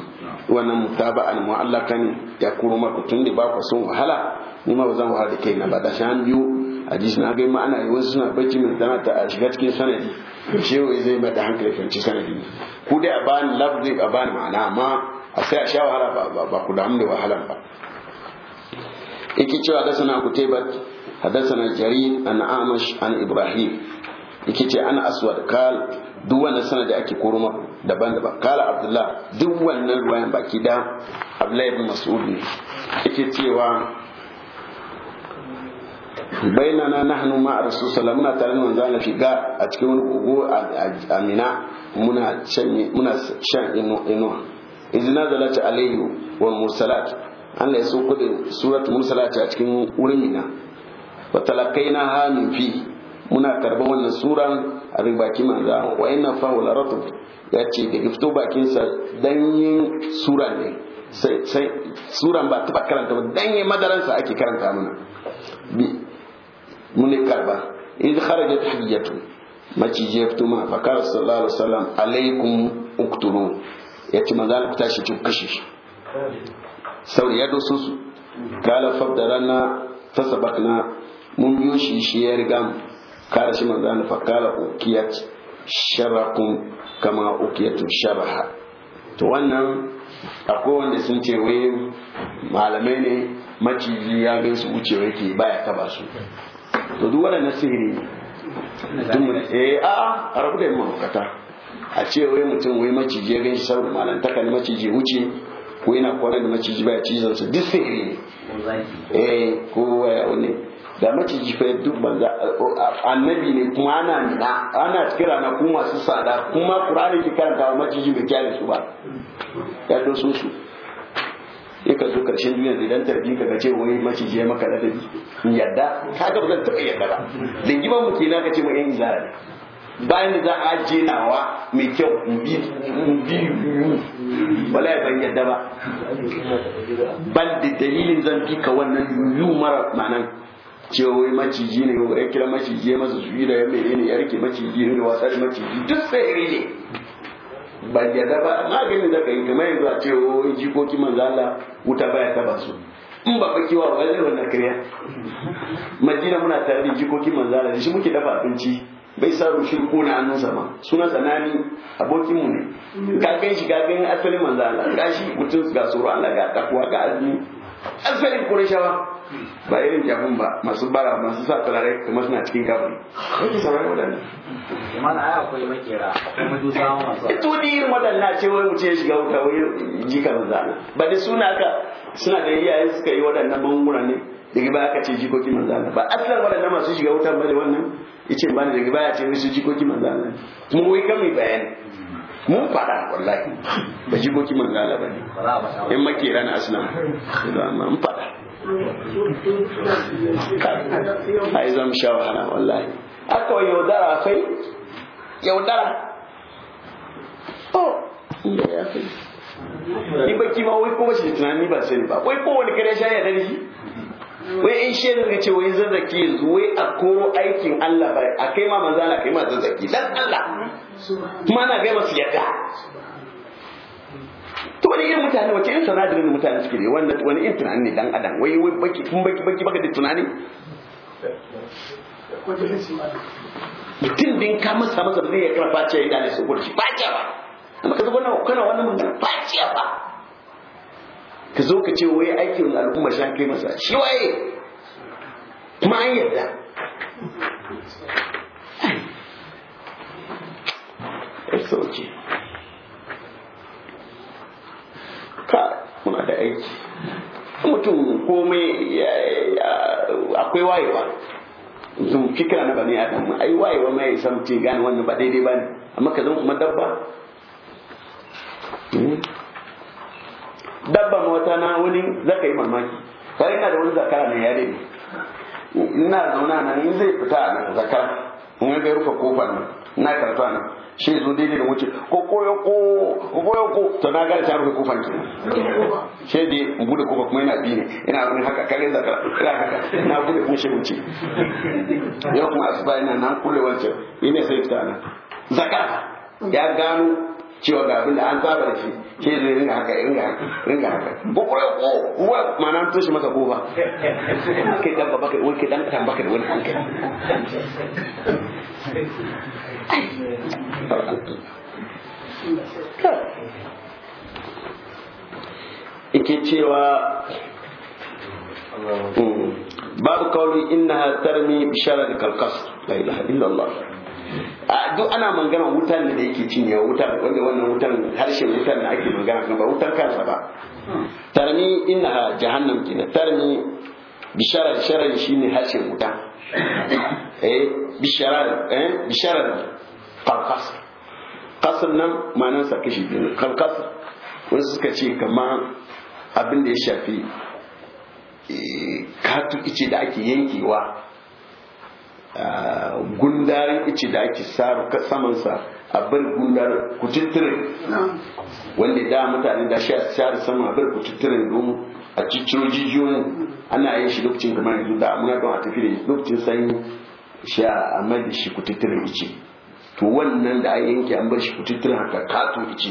wannan mutaba al mu'allaka ne ya kuro maku tun da ba ku son wahala ni ma ba zan wahala kai kaina ba da shan biyu hadisi na ga ma ana yi wasu suna bacci mai zama ta shiga cikin sanadi shewa zai mai da hankali fanci sanadi ku a bani lafzi a bani ma'ana amma a sai a sha wahala ba ku damu da wahalan ba yake cewa na hadathana kutaybat hadathana jarir an amash an ibrahim yake ce ana aswad kal duk wannan sanadi ake koruma daban-daban kala abdullah duk wannan ruwayan baki da abdullah ibn mas'ud ne yake cewa bainana nahnu ma rasul sallallahu muna tare da manzo Allah shiga a cikin wani kogo a Mina muna shan muna shan inuwa idan nazalat alayhi wal mursalat Allah ya sauko da surat mursala a cikin urmina wa talakaina ha min fi muna karban wannan sura a baki manza wa inna fa wala ratub ya ce da fito bakin sa danyen sura ne sai suran ba ta karanta ba danye madaransa ake karanta mana bi Muni karba idh kharajat hajjatu maci je fito ma fakar sallallahu alaihi wasallam alaikum uktulu ya ce manzo ku tashi ku kashe sauri ya doso su kala fabdara rana ta sabak na mun biyo shi shi ya riga mu kala shi manzo na fakala ukiyat sharakum kama ukiyatu sharaha to wannan akwai wanda sun ce wai malamai ne maciji ya gan su wucewa yake baya ba su to duk wanda sihiri eh a a rabu da yin mafakata a ce wai mutum wai maciji ya gan shi saboda malantaka ne maciji wuce ko yana kwana da maciji baya cizon su duk sihiri ne eh ko waya wani da maciji fa duk banza annabi ne kuma ana nuna ana kira na kuma su sada kuma qur'ani ke karanta wa maciji bai kyale su ba ya sun su ya ka zo karshen duniya idan tarbi ka ga ce wai maciji ya maka ladabi yadda Ka ga zan taba yadda ba dangiman mu kenan ka ce mu yan izara ne bayan da za a ajiye nawa mai kyau in bi ya ban yadda ba bal da dalilin zan ka wannan yu mara ma'anan cewa wai maciji ne ya kira maciji ya masa suyi da ya mene ne ya rike maciji ne da wasa da maciji duk sai iri ne ban yadda ba maganin da ka yi kamar yanzu a cewa wai jikoki manzo Allah wuta baya taba su in ba baki wa ba wannan kariya madina muna tare da jikoki manzo Allah shi muke dafa abinci bai sa rushe kona hannunsa ba suna tsanani abokin mu ne ka gan shi ka gan asalin manzo Allah ga shi mutum ga tsoro Allah ga takwa ga azumi asalin Qurayshawa ba irin jahun ba masu bara masu sa turare kuma suna cikin kafin kai saurari wadannan mana ai akwai makera kuma dusa masu to ni irin wadannan ce wai mu ce shiga wuta wai jika manzo Allah ba da suna ka suna da iyaye suka yi wadannan bangura ne daga ba aka ce jikokin manzo Allah ba asalin wadannan masu shiga wuta ba da wannan yace ban da gaba ya ce wasu jikoki manzo Allah kuma wai ga mai bayani mun fada wallahi ba jikoki manzo Allah bane in makera na da amma mun fada ai zam sha wahala wallahi aka yaudara kai yaudara oh inda ya kai ni baki ma wai ko ba shi tunani ba sani ba wai ko wani kare shi ya dani wai in shi ne ce wai zazzaki yanzu wai a koro aikin Allah bai a kai ma manzo Allah kai ma zazzaki dan Allah kuma ana ga masu yadda to wani irin mutane wace irin sanadirin mutane suke ne wanda wani irin tunani ne dan adam wai wai baki kun baki baki baka da tunani mutum din ka masa masa zai ya kira ce idan ya so gudu shi faciya ba amma ka zo kana wannan ba ce ba ka zo ka ce wai aikin al'umma shan kai masa shi waye kuma an yarda ka muna da aiki mutum komai akwai wayewa mutum fikira na bane adam ai wayewa mai samce gane wannan ba daidai ba ne amma ka zama kuma dabba hmm? dabban wata na wani zaka yi mamaki sai ina da wani zakara ne ya ne ina zauna nan in zai fita a nan zakara in ga rufe kofar nan na karfa nan shi zo daidai da wuce ko koyo ko koyo ko to na ga ta rufe kofar ki shi dai in bude kofar kuma ina bi ne ina abin haka kare zakara ina haka ina bude kuma shi wuce yau kuma asuba ina nan kulle wancan ina sai fita nan zakara ya gano cewa ga abin da an saba da shi ke zai ringa haka ringa haka ringa haka ba ko ko ruwa mana an toshe masa kofa kai dan baka wai kai dan kan baka da wani hankali ike cewa hmm, babu kauli innaha tarmi bisharar kalkas la ilaha illallah a duk ana magana wutan ne da yake cinye wutan wanda wannan wutan harshen wutan da ake magana kan ba wutan kansa ba tarmi inna jahannam kenan tarmi bisharar sharar shine harshen wuta eh bisharar eh bisharar kalkas kasan nan ma'anar sa kashi biyu kalkas wani suka ce kamar abin da ya shafi eh, katu ice da ake yankewa gundarin ice da ake saru samansa a bar gundar kututturin wanda da mutane da shi a saru saman a bar kututturin don a cikin jijiyoyin ana yin shi lokacin kamar yanzu da amuna don a tafi da lokacin sanyi shi a mai shi kututturin ice to wannan da an yanke an bar shi kututturin haka kato ice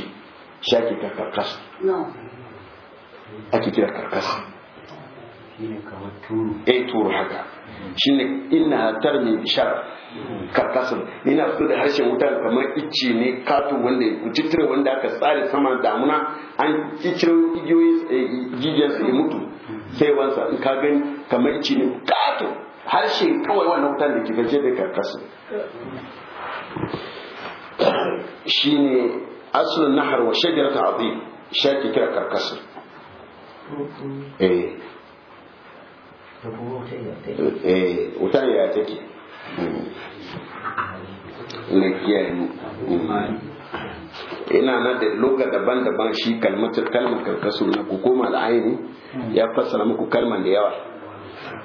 shi ake kira karkasa ake kira karkas. eh turu haka shine ina tarmi bishar karkasin ina su da harshen wuta kamar icce ne katon wanda ya kututture wanda aka tsare sama damuna an kiciro igiyoyi eh, su ya mutu sai wansa in ka gani kamar icce ne katon harshe kawai wannan wutan da ke gaje da karkasin shine aslun nahar wa shajaratu azim shaki kira karkasin eh eh wutar ya take ina na da loga daban-daban shi kalmatar kalmar karkasu na ku koma al'ayini ya fassara muku kalmar da yawa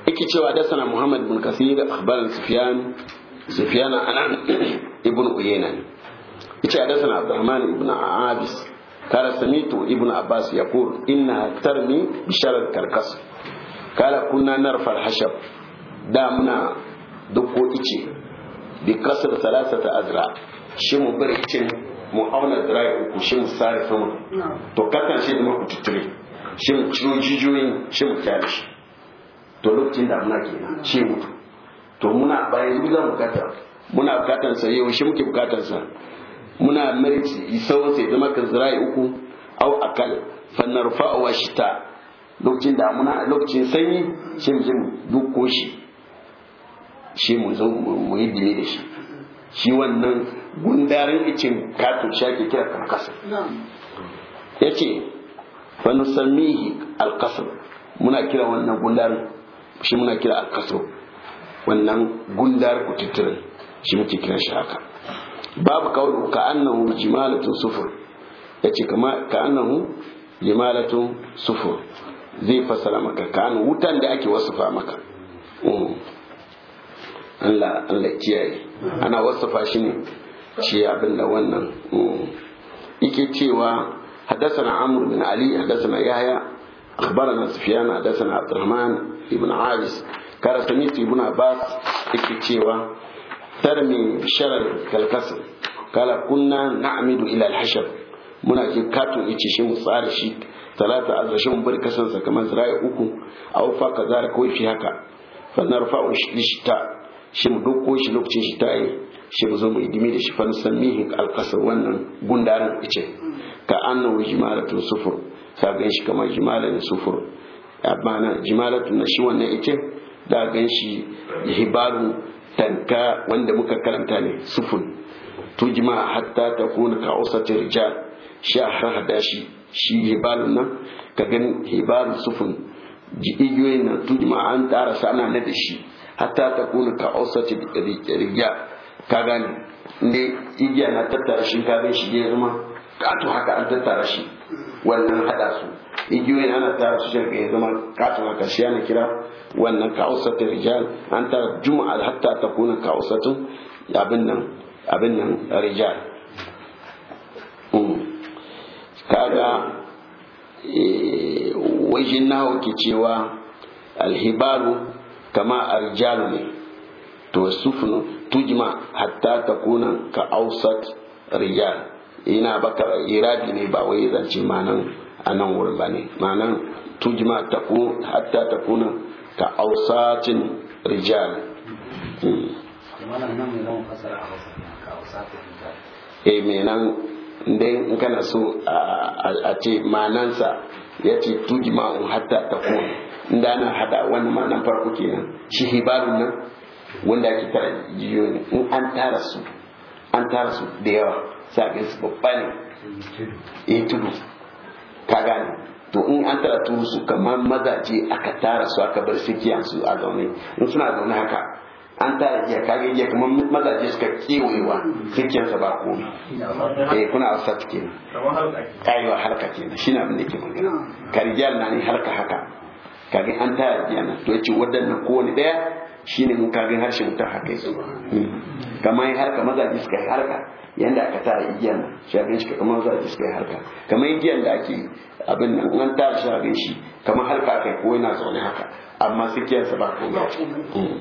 ike cewa da sana muhammad bin kasir akhbaran sufyan sufyan anan ibn uyayna yace hadathana abdurrahman ibn abis قال ibn abbas عباس يقول إنها ترمي بشر karkasu kala kunna narfar hashab da muna dukko ice bi kasar salasata azra shi mu bar icin mu auna zirai uku shi mu sare sama to kakan shi mu muku shi mu ciro jijiyoyin shi mu kyale shi to lokacin da muna kenan shi mutu to muna bayan gidan bukata mu muna bukatan sa yau shi muke bukatan sa muna marci isawa sai zama ka zirai uku au akal fa narfa'u wa shita lokacin damuna lokacin sanyi shi mu je mu shi shi mu zo mu yi bile da shi shi wannan gundarin icin katon shi ake kira karkasa ya ce wani sami alkasr muna kira wannan gundar shi muna kira alkasr wannan gundar kututturin shi muke kira shi haka babu kawai ka annahu jimalatun sufur ya ce kama ka annahu jimalatun sufur zai fasara maka kanu wutan da ake wasufa maka mm. Allah Allah kiyaye ana wasufa shi ne ci abin da wannan mm. yake cewa حدثنا Ali, بن علي حدثنا يحيى اخبرنا سفيان حدثنا عبد الرحمن بن عابس قال سمعت ابن عباس يكتشوا ترمي بشرر كالكسر قال كنا نعمد ila الحشر muna je katon ice shi mu tsara shi salatu azza shin bar kasan sa kamar zira'i uku aw fa kaza ko fi haka fa narfa'u shita shi mu dokko shi lokacin shi ta yi shi mu zo mu idimi da shi fa nusammihi alqasr wannan gundarin ice ka annahu jimalatu sufur ka gan shi kamar jimalan sufur amma na jimalatu na shi wannan ice da gan shi hibaru tanka wanda muka karanta ne sufun tujma hatta takuna ka usatir rijal shi a hada shi shi hibarun nan ka gani hibarun sufun igiyoyin nan tujima an tara sana na da shi hatta ta kuna ka da rigya ka gani. inda igiya na tattara shi ka gan shi gina zama kato haka an tattara shi wannan hada su igiyoyin ana tara su shirka ya zama kato haka shi ana kira wannan ka ta rijal an tara juma'a hatta ta kuna ka ausace abin nan abin nan rijal mm. kaga eh, wajen nawa ke cewa alhibaru kama arjalu ne to sufnu tujma hatta kuna ka ausat rijal ina baka irabi ne ba wai zance manan a nan wurin ba ne manan tujma taku hatta takuna ka ausatin hmm. rijal eh menan dai in kana so a ce manansa ya ce ma'un hatta ta kuma inda ana hada wani manan farko kenan shi hibarun nan wanda ake tara jiyoyin in an tara su an tara su da yawa sai su babba ne eh tudu ka gane to in an tara tudu su kamar mazaje aka tara su aka bar sikiyan su a zaune in suna zaune haka an tara jiya kage jiya kuma mazaje suka kewayewa sa ba komai eh kuna asat kenan harka halka kenan na abin da ke magana karijal na ne halka haka kage an tara jiya na, to yace wadannan ko ne daya shine mun kage harshe ta haka yake hmm. kamar harka mazaje suka yi harka yanda aka tara igiyan nan abin shi kamar mazaje suka yi harka kamar igiyan da ake abin nan an tara abin shi kamar harka kai ko yana zaune haka amma sikiyarsa ba komai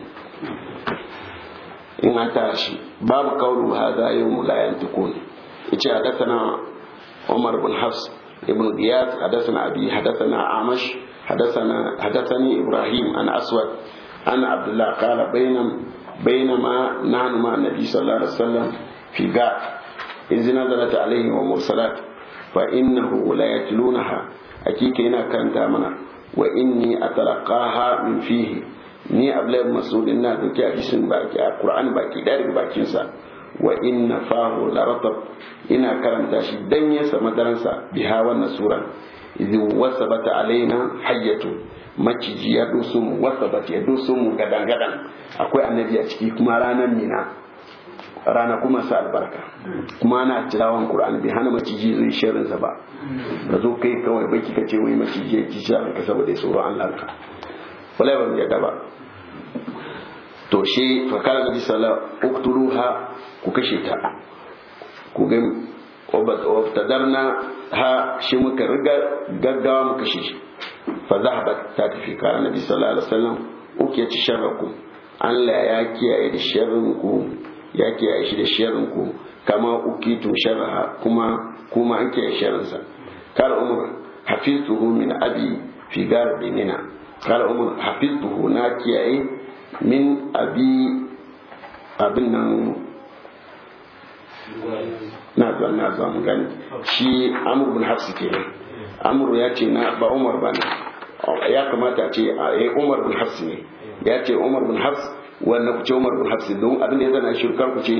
in haka shi babu kaulu hada yawmu la yantiqun yace hadathana Umar bin Hafs ibn Giyas hadathana Abi hadathana Amash hadathana hadathani Ibrahim an Aswad an Abdullah qala bainam bainama nahnu ma Nabi sallallahu alaihi wasallam fi Gat idh nazalat alaihi wa mursalat fa innahu la yatlunaha hakika yana kanta mana wa inni atalaqaha min fihi ni abdullahi masudin na duki a jisin baki a qur'ani baki da bakinsa. bakin sa wa inna fahu laratab ina karanta shi dan ya sama bi biha wannan sura idh wasabata alaina hayyatu maciji ya dusu mu wasabat ya dusu mu gadan gadan akwai annabi a ciki kuma ranan mina rana kuma sa albarka kuma na tilawan qur'ani bi hana maciji zai shirinsa sa ba ka zo kai kawai baki ka ce wai maciji ya ci ka saboda tsoron Allah ka wallahi ban ya ba to she fakara nabi sala uktuluha ku kashe ta ku ga darna ha shi muka riga gaggawa mu kashe shi fa zahaba ta tafi kara nabi sallallahu alaihi wasallam uke ci sharrakum Allah ya kiyaye da sharrin ku ya kiyaye shi da sharrin ku kama ukitu sharaha kuma kuma an kiyaye sharrin sa kar umar hafizuhu min abi fi garbi mina kar umar hafizuhu na kiyaye min abi abin nan na zuwa na zuwa mu gani shi amur bin hafsi kenan amur ya ce na ba umar ba ne ya kamata ce a eh umar bin hafsi ne ya ce umar bin hafsi wannan ku ce umar bin hafsi don abin da ya zana shi kar ku ce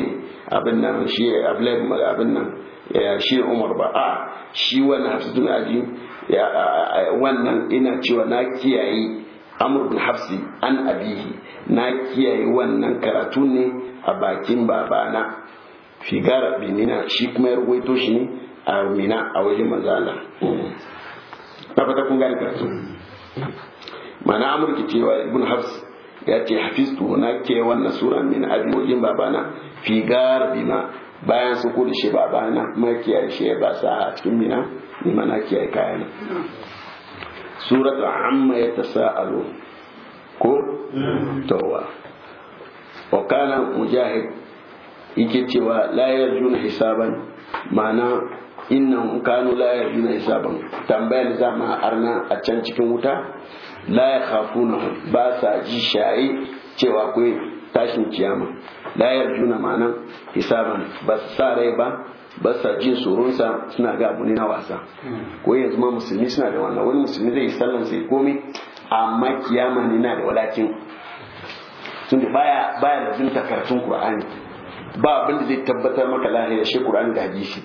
abin nan shi abdullahi abin nan shi umar ba a shi wannan hafsi bin aji wannan ina cewa na kiyaye amur bin hafsi an abihi na kiyaye wannan karatu ne a bakin babana figara benina shi kuma ya ruwaito shi ne a mina a wajen mazala na fata kun gane karatu mana ki cewa ibn hafs ya ce hafiztu na ke wannan sura min abi wajen babana figar bina bayan su kudu shi babana kuma kiyaye shi ya ba sa a cikin mina ni ma na kiyaye kayana suratu amma ya tasa'alu ko towa wa kana mujahid yake cewa la yarjuna hisaban ma'ana innan kanu la yarjuna hisaban tambayar zama arna a can cikin wuta la ya khafuna ba sa ji shayi cewa akwai tashin kiyama la yarjuna ma'ana hisaban ba sa rai ba ba sa jin tsoronsa suna ga abu ne na wasa ko yanzu ma musulmi suna da wannan wani musulmi zai yi sallan sai komai amma kiyama ne na da walakin da baya baya lazim karatun qur'ani ba abin da zai tabbatar maka lahiya shi qur'ani da hadisi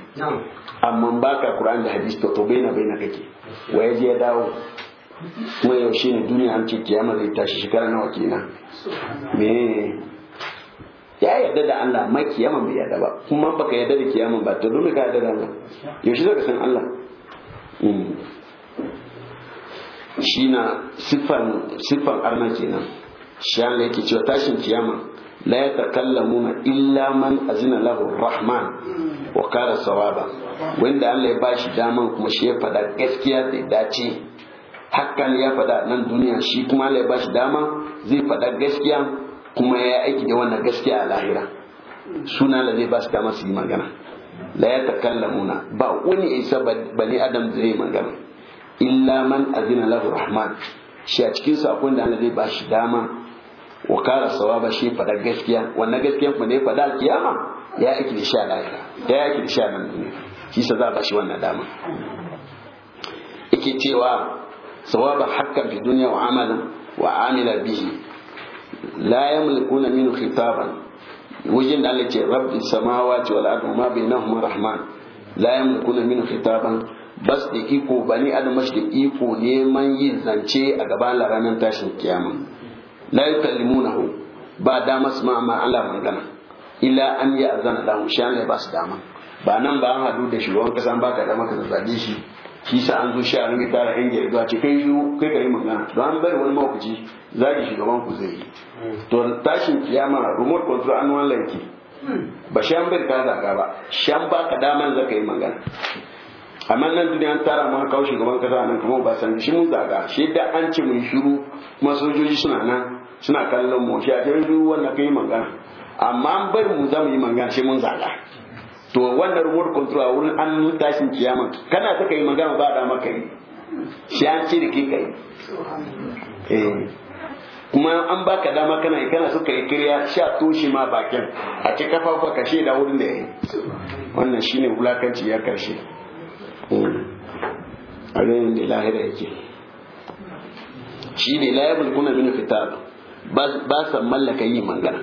amma baka qur'ani da hadisi to to baina baina kake waye je ya dawo kuma yaushe ne duniya an ce kiyama zai tashi shekara nawa kenan me ya yarda da Allah ma kiyama bai yarda ba kuma baka yarda da kiyama ba to dole ka yarda da Allah yaushe zaka san Allah hmm. shi na siffan siffan arna kenan shi an yake cewa tashin kiyama la yatakallamuna illa man azina lahu rahman wa qala sawaba wanda Allah ya bashi daman kuma shi ya fada gaskiya da dace hakan ya fada nan duniya shi kuma Allah ya bashi dama zai faɗa gaskiya kuma ya aiki da wannan gaskiya a lahira suna da zai ba su dama su yi magana la ya muna ba wani isa ba ne adam zai yi magana illa man azina lahu rahman shi a cikin akwai da Allah zai ba shi dama wa kara ba shi fada gaskiya wannan gaskiya kuma ne fada kiyama ya aiki da sha lahira ya aiki da sha nan duniya shi sa za ba shi wannan dama yake cewa sawaba hakkan fi duniya wa amalan wa amila bihi la yamlikuna minhu khitaban wajen da ce rabbi samawati wal ardi ma bainahuma rahman la yamlikuna minhu khitaban bas da iko bani adam shi da iko neman yin zance a gaban ranar tashin kiyama la yukallimunahu ba dama su ma ma Allah magana illa an ya azana lahu shi ba su dama ba nan ba an hadu da shi shugaban kasa ba ka dama ka zazzage shi shi sa an zo sha ringa tara yan jarida ce kai yi kai kai magana don an bari wani mawukaci zagi shugaban ku zai yi to tashin kiyama remote control an wannan ke ba shan bari ka zaga ba shan ba ka daman zaka yi magana amma nan duniya an tara mu kawo shugaban kasa nan kuma ba san shi mun zaga shi da an ce mun shiru kuma sojoji suna nan suna kallon mu shi a cikin wannan kai magana amma an bari mu za mu yi magana shi mun zaga to wannan remote control a wurin an tashin kiyama kana ta kai magana ba da maka yi shi an ce da ke kai kuma an baka dama kana yi kana suka yi kirya sha toshe ma bakin a ci kafafa ka da wurin da yi wannan shine wulakanci ya karshe eh. a ganin da lahira yake shi ne layabin kuna min fitar ba sa mallaka yi magana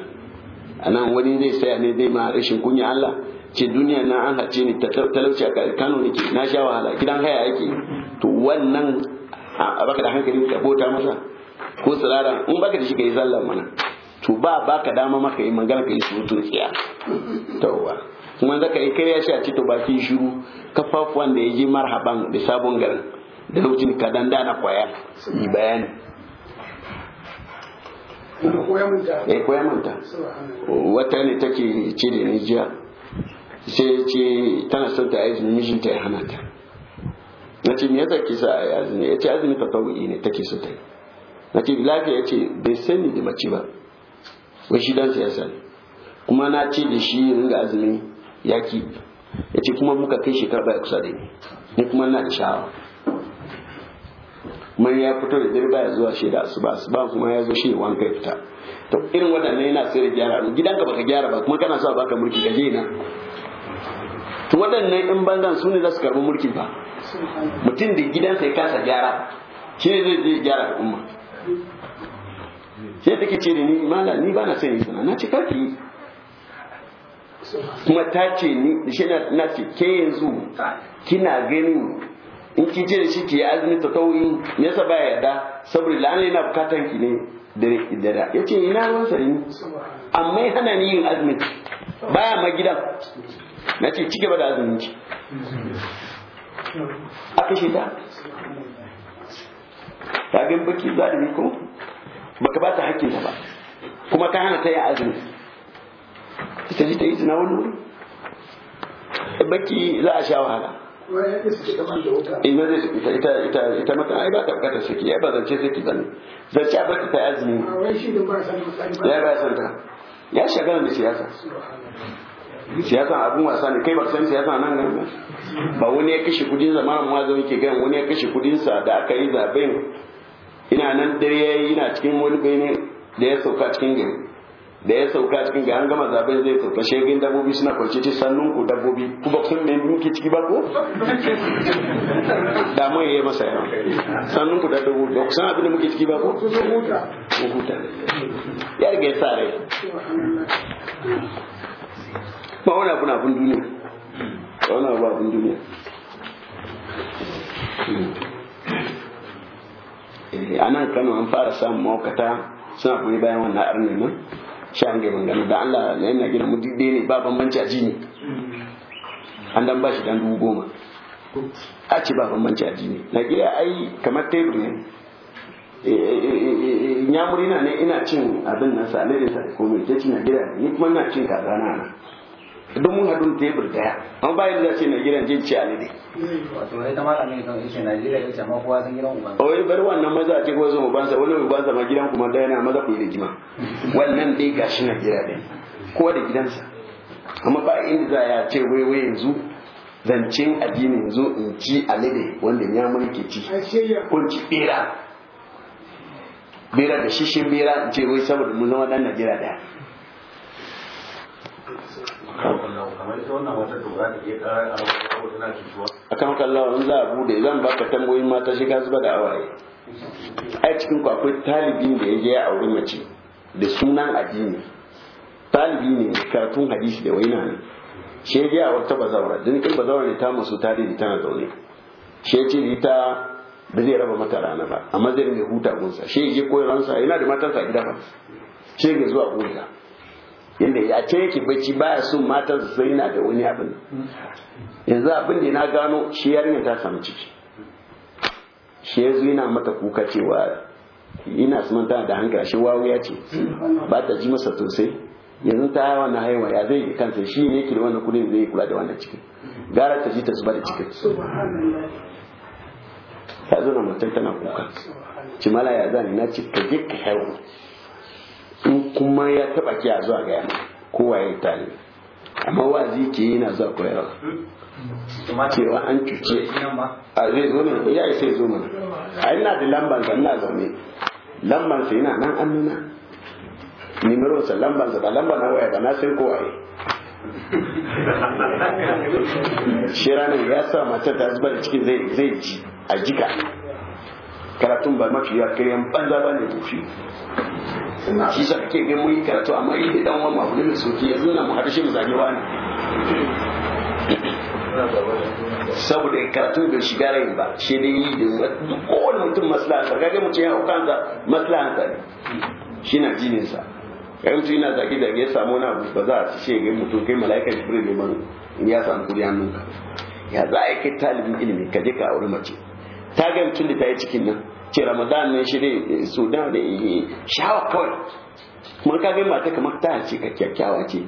nan wani zai saya ne zai ma rashin kunya Allah ce duniya na an hace ni talauci a kano ne na sha wahala gidan haya yake to wannan a baka da hankali ka bota masa ko tsirara in baka da shi ka yi sallah mana to ba baka dama maka yi magana ka yi surutun tsiya tawwa kuma za ka yi karya shi a cito to ba ki shiru kafafuwan da ya je marhaban da sabon garin da lokacin ka dan dana kwaya yi bayani eh koya manta wata ne take ce da ni jiya sai ce tana son ta azumi mijinta ya hana ta na ce me yasa kisa a azumi ya ce azumi tatawu'i ne take so ta yi na ce lafiya ya ce bai sani da mace ba wai shi dan siyasa ne kuma na ce da shi ringa azumi ya ki ya ce kuma muka kai shekara baya kusa da ni ni kuma na da sha'awa kuma ya fito da dirba ya zuwa shida asuba asuba kuma ya zo shi wanka ya fita to irin waɗannan yana sai da gyara gidanka baka gyara ba kuma kana so a baka mulki ka na to waɗannan in banzan su ne za su karɓi mulkin ba mutum da gidansa ya kasa gyara shi ne zai je gyara umma. sai take ce da ni mala ni ba na son yi sana na ce karki kuma ta ce ni shi na ce ke yanzu kina ganin in ki ce da shi ke azumi ta tauri in yasa ba yarda saboda la'ana yana bukatan ki ne dare dare ce ina ruwan sa amma hana ni yin azumi baya ma gidan na ce ci gaba da azumin ki aka shi ta ta gan baki zalimi ko baka ba ta hakkin ta ba kuma ka hana ta yi azumi ita ji ta yi zina wani wuri baki za a sha wahala ina zai ita ita ita ita mata ai ba ta bukatar saki ya ba zance saki zan zance a baki ta azumi ya ba ya santa ya shagala da siyasa siyasa abun wasa ne kai ba san siyasa nan nan ba wani ya kashe kudin zamanin ma zai ke gan wani ya kashe kudin sa da aka yi zaben ina nan dare yayi ina cikin wani bene da ya sauka cikin gari da ya sauka cikin gari an gama zaben zai sauka shegin dabbobi suna kwance ce sannun ku dabbobi ku ba kun mai muke ciki ba ko da mai yayi masa yawa sannun ku dabbobi ba ku san abin da muke ciki ba ko ku huta ya riga ya sa rai ba wani abu na abin duniya ba wani abu abin duniya eh, a nan kano an fara samun mawakata suna koyi bayan wannan arni nan sha an gaban gano da Allah na yana gina mu dide ne ba bambanci a jini an dan shi dan dubu goma a ce ba bambanci a jini na gina ai kamar tebur ne eh, eh, nyamuri na ne ina cin abin nan sa alairinsa da komai ta ci na gida ni kuma na cin kaza na don mun haɗu tebur daya an bayan da ce mai gidan jin ciya ne dai wai bar wannan maza a cikin wasu ubansa wani ubansa ma gidan kuma daya na maza ku yi rigima wannan dai gashi na gida dai Ko da gidansa amma ba inda za ya ce wai wai yanzu zancen addini yanzu in ci alade wanda ya mulke ci kun ci bera bera da shishin bera in ce wai saboda mun zama dan Najeriya daya kan kallawa in za a bude zan baka tambayoyin mata shi ka zuba da awaye ai cikin ku akwai talibin da ya je ya auri mace da sunan addini talibi ne karatun hadisi da waina ne shi ya je a wata bazawara don in bazawara ne ta masu tarihi tana zaune shi ya ce ita da zai raba mata rana ba amma zai ne huta gunsa shi ya je ransa yana da matarsa a gida ba shi ya zuwa gunsa yadda ya ce yake bacci baya son matar su sai yana da wani abin yanzu abin da na gano shi yarinya ta samu ciki shi yanzu yana mata kuka cewa ina sumanta da hankali shi ya ce ba ta ji masa sosai yanzu ta hawa na haihuwa ya zai kansa shi ne yake da wannan kudin zai kula da wannan cikin gara ta ji ta zuba da cikin ta zo na mutum tana kuka cimala ya zani na ci ka je ka haihu in kuma ya taba ki a zuwa gaya kowa ya tare amma wazi ke yana zuwa koyarwa cewa an cuce a zai zo ne ya sai zo mana a ina da lamban sa ina zaune lamban sa yana nan an nuna nimero sa lamban sa ba lamban na waya ba na sai kowa ya shi ranar ya sa mace ta zubar cikin zai ji a jika karatun ba mafi ya kiryan banza ba ne bufi shi sa ake bin mun karatu amma in da dan wani abu ne soki yanzu na mu mu zage wani saboda karatu bai shiga rai ba shi dai yi da kowane mutum maslahansa kaga mutum ya da maslahansa ne shi na jininsa kai mutum yana zage zage ya samu wani abu ba za a ce ga mutum kai mala'ika jibril ne man in ya samu kuri hannunka ya za a yi kai talibin ilimi ka je ka auri mace ta ga mutum da ta yi cikin nan ce ramadan ne shi ne su da yi shawa kawai mun ka gani mata kamar ta ce ka kyakkyawa ce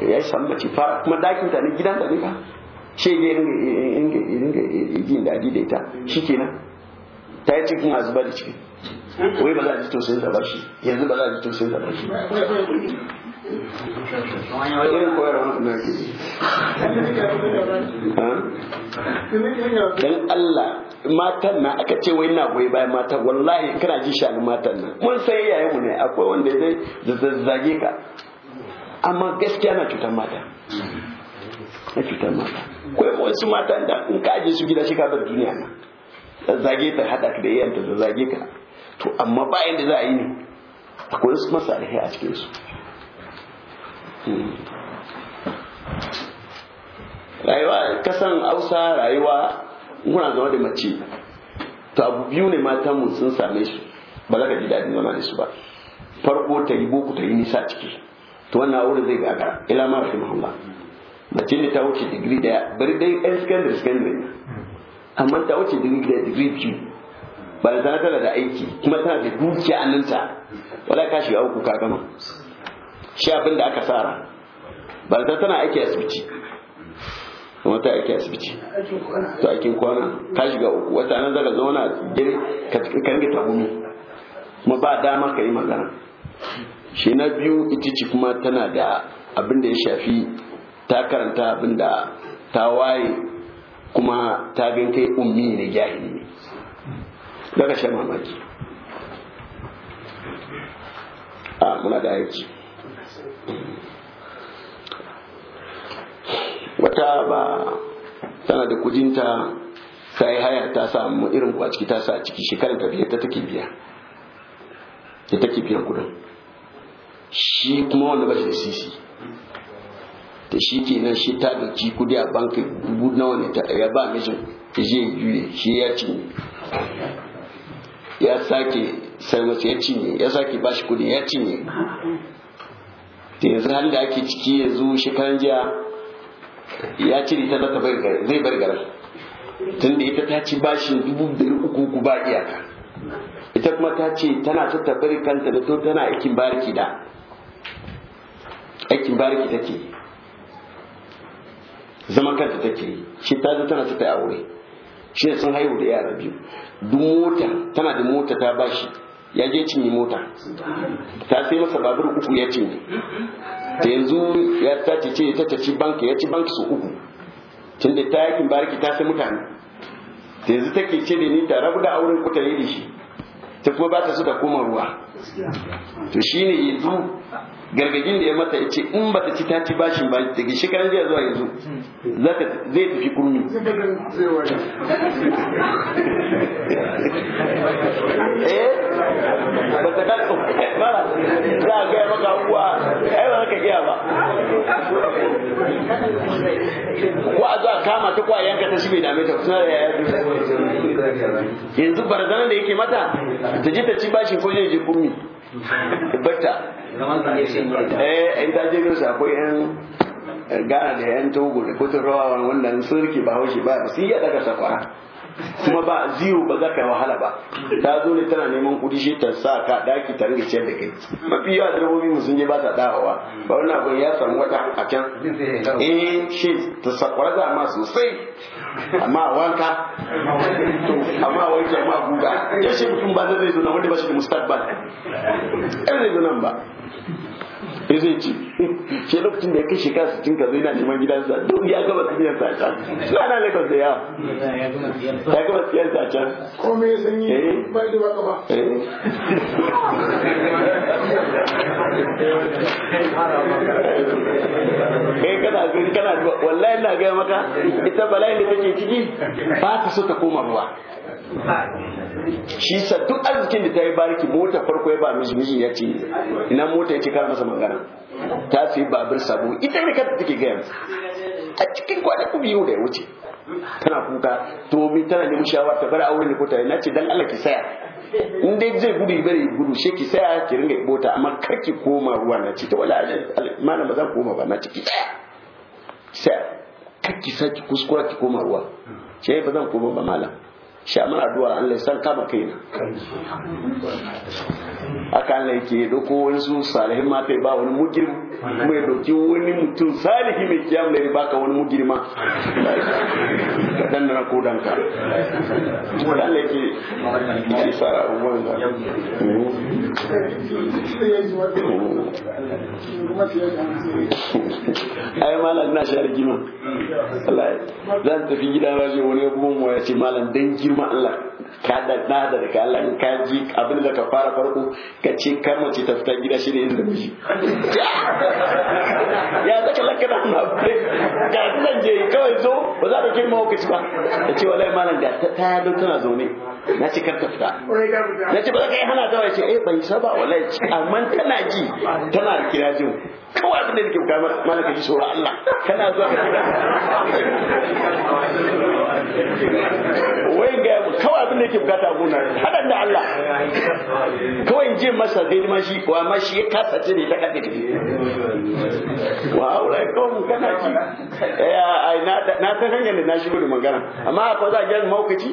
ya yi samu mace fara kuma dakin ta ne gidan da ne ba ce ya ringa jin daɗi da ita shi kenan ta yi cikin zuba da ciki wai ba za a ji tausayin da shi yanzu ba za a ji tausayin da shi dan Allah matan na aka ce wai na goyi bayan mata wallahi kana ji shani matan nan mun sai yayin mu ne akwai wanda zai zazzage ka amma gaskiya na cutar mata na cutar mata kai wasu mata da in ka aje su gida shi ka bar duniya na zazzage ta hada ka da yayin ta zazzage ka to amma ba yanda za a yi ne akwai wasu masalihai a cikin su rayuwa kasan hausa rayuwa muna zama da mace to abu biyu ne matan mun sun same su ba za ka ji daɗin zama da su ba farko ta yi boko ta yi nisa ciki to wannan aure zai ga ila ma Allah mace ne ta wuce digiri daya bari dai ɗan secondary secondary amma ta wuce digiri daya digiri biyu ba da tana tana da aiki kuma tana da dukiya a nan ta wala ka shiga uku ka gama shi abin da aka tsara ta tana aiki asibiti kuma ta aiki asibiti to aikin kwana ka shiga uku wata nan zaka zauna gir ka ta tagumi kuma ba dama ka yi magana shi na biyu ita ce kuma tana da abin da ya shafi ta karanta abin da ta waye kuma ta gan kai ummi ne jahili ne daga shan mamaki a ah, muna da aiki wata ba tana da kujinta ta yi haya ta samu irin ku ciki ta sa ciki shekarar ta biya ta take biya ta take biyan kudin shi kuma wanda ba shi da sisi da shi ke nan shi ta ci kudi a banki dubu wani ta ya ba mijin ta je juye shi ya cinye ya sake sai wasu ya cinye ya sake ba shi kudin ya cinye yanzu har da ake ciki yanzu shekaran jiya ya cire ta zata zai bar garin tun da ita ta ci bashin dubu da uku ku ba iyaka ita kuma ta ce tana ta tabbari kanta da to tana aikin bariki da aikin bariki take zama kanta take shi ta zo tana ta aure shi sun haihu da yara biyu duk mota tana da mota ta bashi ya je cinye mota ta sai masa babur uku ya cinye ta yanzu ya ta ce ta ta banki ya ci banki su uku tun da ta yakin bariki ta sai mutane ta yanzu take ce da ni ta rabu da auren kuta ta yi da shi ta kuma ba ta su ta koma ruwa to shine yanzu gargajin da ya mata ya ce in bata ci ta ci bashin ba daga shekaran jiya zuwa yanzu zai tafi kurmi ba ta ka ba za a maka uwa ai ba ka iya ba ko a zo a kama ta ko yanka ta shi bai dame ta suna da yaya yanzu barazanar da yake mata ta ji ta ci bashin ko je kumi bata eh in ta je nusa akwai yan gana da yan togo da kuturawa wanda sun rike ba ba su yi a daga safara kuma ba zero ba za ka yi wahala ba ta zo ne tana neman kudi shi ta sa ka daki ta ringa ciyar da kai mafi yawa direbobi mu sun je ba ta dawowa ba wannan abin ya samu wata a can eh shi ta sakwara za ma sosai amma wanka amma wanka amma guga ya shi mutum ba zai zo na wanda ba shi da mustaqbal ɗan zai zo nan ba ya eh, zai ci shi lokacin da ya kai shekara sittin ka zai na neman gidansa duk ya gaba gidansa a can suna na lagos da yawa ya gaba siyarsa a can komai ya sanyi eh. ba da baka ba eh kana gani kana wallahi na gaya maka ita bala'i da take ciki ba ta so ta koma ruwa shi sa duk arzikin da ta yi bariki mota farko ya ba miji miji ya ce ina mota ya ce kar masa mangana ta fi babur sabo ita ne kanta take gaya a cikin kwana biyu da ya wuce tana kuka to mi tana neman shawara ta bar auren ne ko ta na ce dan Allah ki saya in dai zai gudu bare gudu she ki saya ki ringa bota amma kar ki koma ruwa na ci ta wala malam ba zan koma ba na ci ki saya sai kar ki saki kuskura ki koma ruwa ce ba zan koma ba malam shi a mana duwa Allah san kama kaina haka Allah yake doko wani su salihin ma kai ba wani mugir mai doki wani mutum salihi mai kiyam da ya baka wani ma ka dan na ko dan ka wani Allah yake ya sara abubuwan da ai malam na shi rigima Allah zan tafi gida ba wani kuma mu ya ce malam dan girma Allah ka da da k'a Allah in ka ji abin da ka fara farko ka ce kar mace ta fita gida shi ne inda miji ya zaka lakana na ga nan je kawai zo ba za ka girma ka ci ba ta ce wallahi malam da ta ta tana zaune na ce karka fita na ce ba yi hana dawa ce eh bai saba wallahi amma tana ji tana da kirajin kawai abin da nake buka malaka ji sura Allah kana zuwa ka kira wai ga kawai abin da yake bukata gona hadan da Allah kawai je masa zai ma shi wa ma shi ya kasa ce ne ta kafe ne wa aure kawai kana ji eh ai na ta hanyar da na shigo da magana amma akwai za a gyara maukaci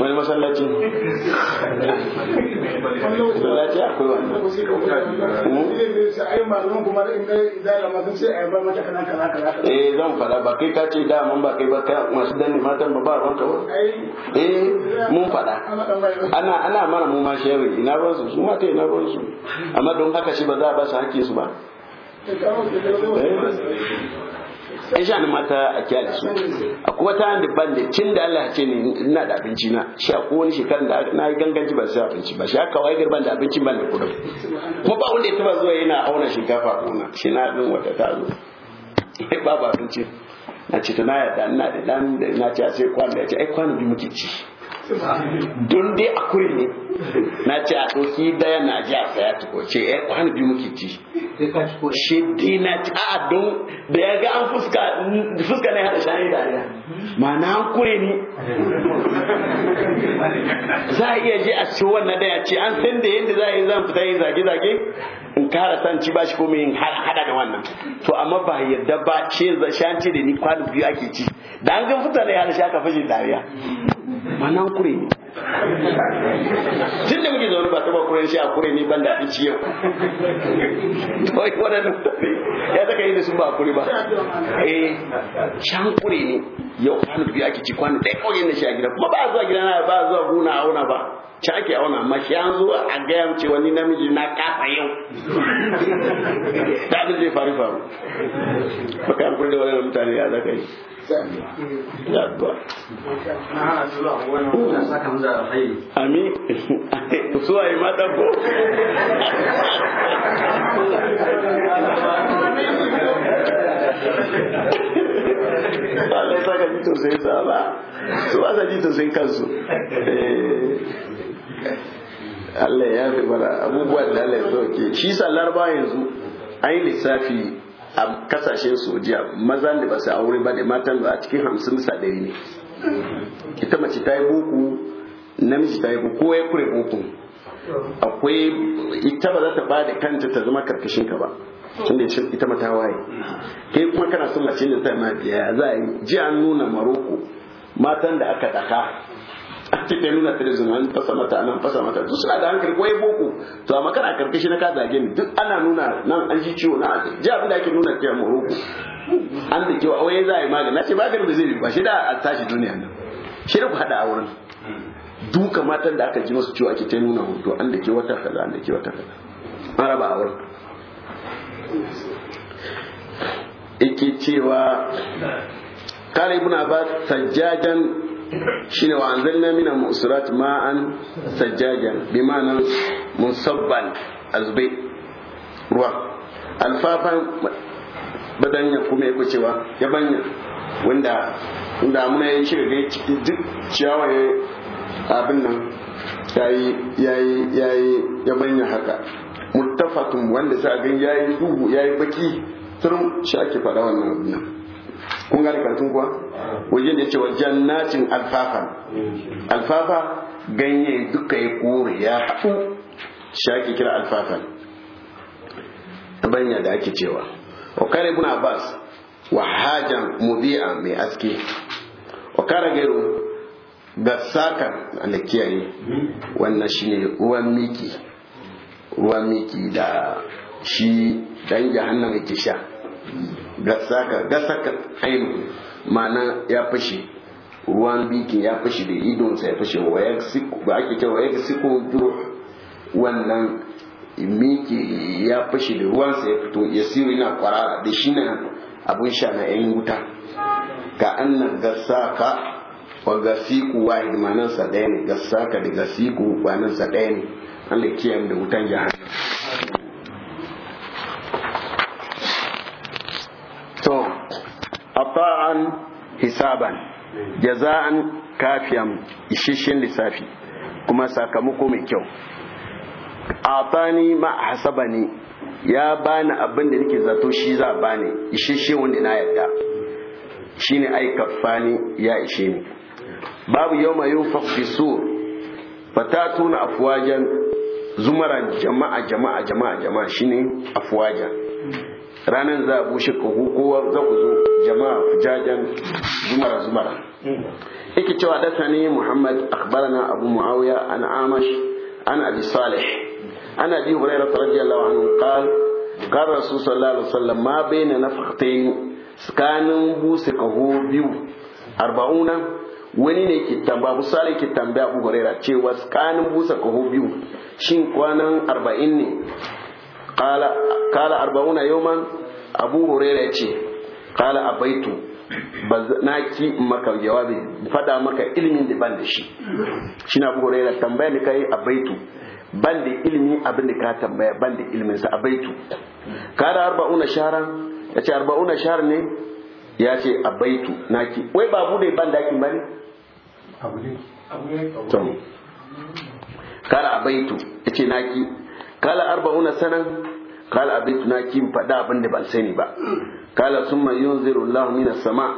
wani masallaci masallaci akwai wani hmm? eh zan ba kai ka ce daman ba kai ba masu matan ba ba eh mun fada ana ana mana mu ma shewe ina ruwan su su mata ina ruwan su amma don haka shi ba za a ba su hakkin su ba eh? ya sha mata a kyale su a kuma ta da ban da tun da Allah ce ne ina da abinci na shi a kowane shekarar da na yi ganganci ba sai abinci ba shi a kawai girban da abinci ban da kudu kuma ba wanda ya taba zuwa yana auna shinkafa kuna shi na abin wata ta zo ba abinci na ce ta na yarda ina da dan da na ce a sai kwan da ya ce ai kwan bi muke ci don dai a kuri ne na ce a ɗauki daya na ji a saya tuko ce ya eh, kwan biyu muke ci shi di na ci a don da ya ga an fuska fuska na da shani dariya na an kuri ne? za a iya je a ci wannan daya ce an san da yadda za a yi zan fita yin zage-zage in kara san ci ba shi ko min hada da wannan to amma ba yadda ba ce shanci da ni kwan biyu ake ci da an gan fuska na da shi aka fashe dariya manan kure ne tun da muke zaune ba taba kure shi a kure ne ban da abinci yau kawai waɗannan tafi? ya saka yi da sun ba a kure ba eh can kure ne yau kwano biyu ake ci kwano ɗaya kawai yana shi a gida kuma ba a zuwa gida na ba a zuwa gona a auna ba ci ake auna amma shi an zo a gaya mu cewa ni namiji na kafa yau ta abin zai faru faru baka an kure da mutane ya zaka yi amin su ayi mata ko Allah fi bara eh. abubuwan da Allah ya ke shi sallar ba yanzu ai lissafi a kasashen sojiya mazan da ba su aure ba da matan a cikin hamsin bisa ɗari ne ita mace ta yi boko namiji ta yi boko ya kure boko akwai ita ba za ta ba da kanta ta zama karkashin ka ba tunda ita mata waye kai kuma kana son mace ne ta ma biya za a yi ji an nuna maroko matan da aka daka ce ɗaya nuna television an fasa mata nan fasa mata duk suna da hankali ko boko to amma kana karkashi na ka zage ni duk ana nuna nan an ji ciwo na ji abin da ake nuna mu moroko an da kewa wai za a yi magani na ce maganin da zai yi ba shi da a tashi duniya nan shi da ku haɗa a wurin duka matan da aka ji masu ciwo ake ta nuna hoto an da ke wata kaza an da ke wata kaza an raba a wurin yake cewa kare ibn abbas sajjajan shine wa anzalna min al-musurat ma'an sajjajan bi ma'anan musabban azbe ruwa alfafan ya kuma yake cewa banya. wanda inda muna yin shirye cikin duk ciyawa ya abin nan yayi yayi yayi banya haka muttafatun wanda sai a gan yayi dubu yayi baki turum shi ake faɗa wannan abin nan kun gane karatun kuwa wajen ya ce wa jannatin alfafa alfafa ganye duka ya kore ya haɗu shi kira alfafa banya da ake cewa wa kare ibn abbas wa hajan mubi'a mai aske wa kare gairu da saka da kiyaye wannan shi ne ruwan miki ruwan miki da shi dan jahannama yake sha gasaka gasaka hainu ma'ana ya fashe ruwan biki ya fashe da idonsa ya fashe wa ya ba ake cewa ya siko duro wannan miki ya fashe da ruwansa ya fito ya siyo yana kwarara da shi na abin sha na yan wuta ka annan gasaka wa gasiku wahid sa ɗaya ne gasaka da gasiku sa ɗaya ne an da kiyan da wutan jihar ata'an hisaban jaza'an kafiyan ishishin lissafi kuma sakamako mai kyau atani ma hasabani ya bani abin da nake zato shi za bani isheshe wanda na yarda shine ai kafani ya ishe ni babu yawma yufaq fi sur fatatuna afwajan zumaran jama'a jama'a jama'a jama'a shine afwaja ranar za a bushe kogo kowa za ku zo jama'a jajen zumara zumara yake cewa dasa ne muhammad akbarana abu muawiya an amash an abi salih an abi hurairah radiyallahu anhu qal قال رسول صلى الله عليه ma baina بين نفختين tsakanin busa kaho biyu arba'una wani ne ke tambaya abu sale ke tambaya abu huraira cewa tsakanin busa kaho biyu shin kwanan arba'in ne Kala Kala arba'una yoman abu hurairah yace Kala abaitu na maka jawabi fada maka ilimin da ban da shi shine abu hurairah tambaya ne kai abaitu ban da ilimi abin da ka tambaya ban da ilimin sa abaitu kada arba'una sharan yace arba'una shahar ne ya ce abaitu naki wai babu dai ban dakin bane abu ne abu ne kala abaitu yace naki kala arba'una sanan kala abin tunakin faɗa abin da ban sani ba kala sun mai yun ziru lahu mina sama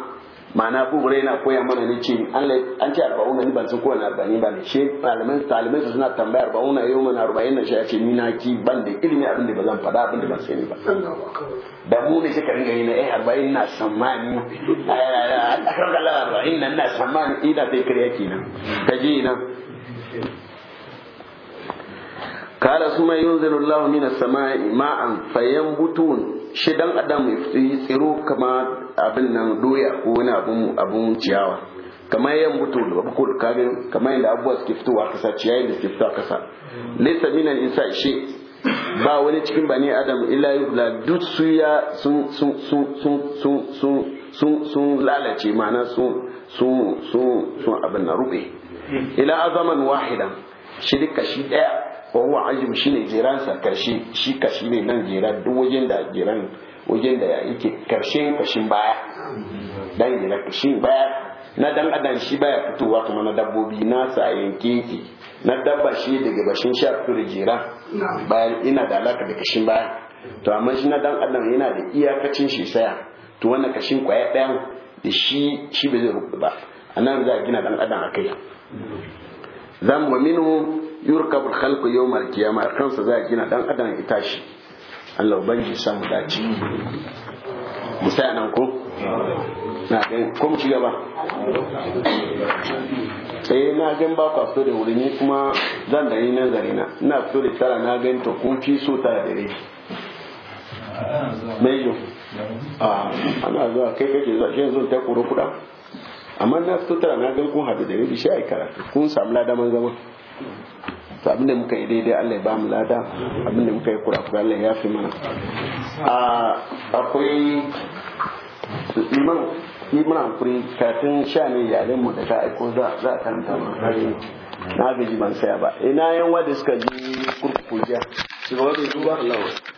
ma'ana abu hura yana koya mana ne ce an ce arba'un ni ban san kowane arba'in ba ne shi malaman talibai su suna tambaya arba'un na yau mana arba'in na shi ce ni na ki ban da ilimi abin da ba zan da ban sani ba da yi na na a kan arba'in nan na kala suma yin zinu min mina samai ma'an butun shi dan adam ya tsiro kama abin nan doya ko wani abun abun ciyawa kamar yan butu da bukul kagin kamar yadda abubuwa suke fitowa kasa ciyayin da suke fitowa kasa nesa min al shi ba wani cikin bani adam illa yubla duk su ya sun sun sun sun sun sun sun lalace ma'ana sun sun sun sun abin na rube ila azaman wahidan shi duka shi daya shi ajim shine sa karshe shi kashi ne nan jiran duk wajen da jiran wajen da yake karshen kashin baya dan jiran kashin baya na dan adam shi baya fitowa kuma na dabbobi na sa yanke ki na dabba shi daga bashin sha fito da bayan ina da alaka da kashin baya to amma shi na dan adam yana da iyakacin shi saya to wannan kashin kwaya ɗayan da shi shi ba zai rubuta ba anan za a gina dan adam akai zan wa minhu yurkabu khalqu yawmal qiyamah kansa za a gina dan adam ya tashi Allah ubangi san mu dace musa nan ko na ga ko mu ci gaba eh na ga ba ku fito da wuri ni kuma zan da nan nazari na ina fito da tara na ga to kun fi so tara da ni mai yo ah ana zuwa kai kake zuwa shi zan ta kuru kuda amma na fito tara na ga kun hadu da rai shi ai karatu kun samu ladaman zama to abin da muka yi daidai Allah ya ba mu lada abin da muka yi kurakura Allah ya fi mana akwai liman ni hankuri kafin sha ne yalin mu da ta aiko za a karanta mu na gaji ban saya ba ina yan wadda suka ji kurkuku jiya ga wadda duba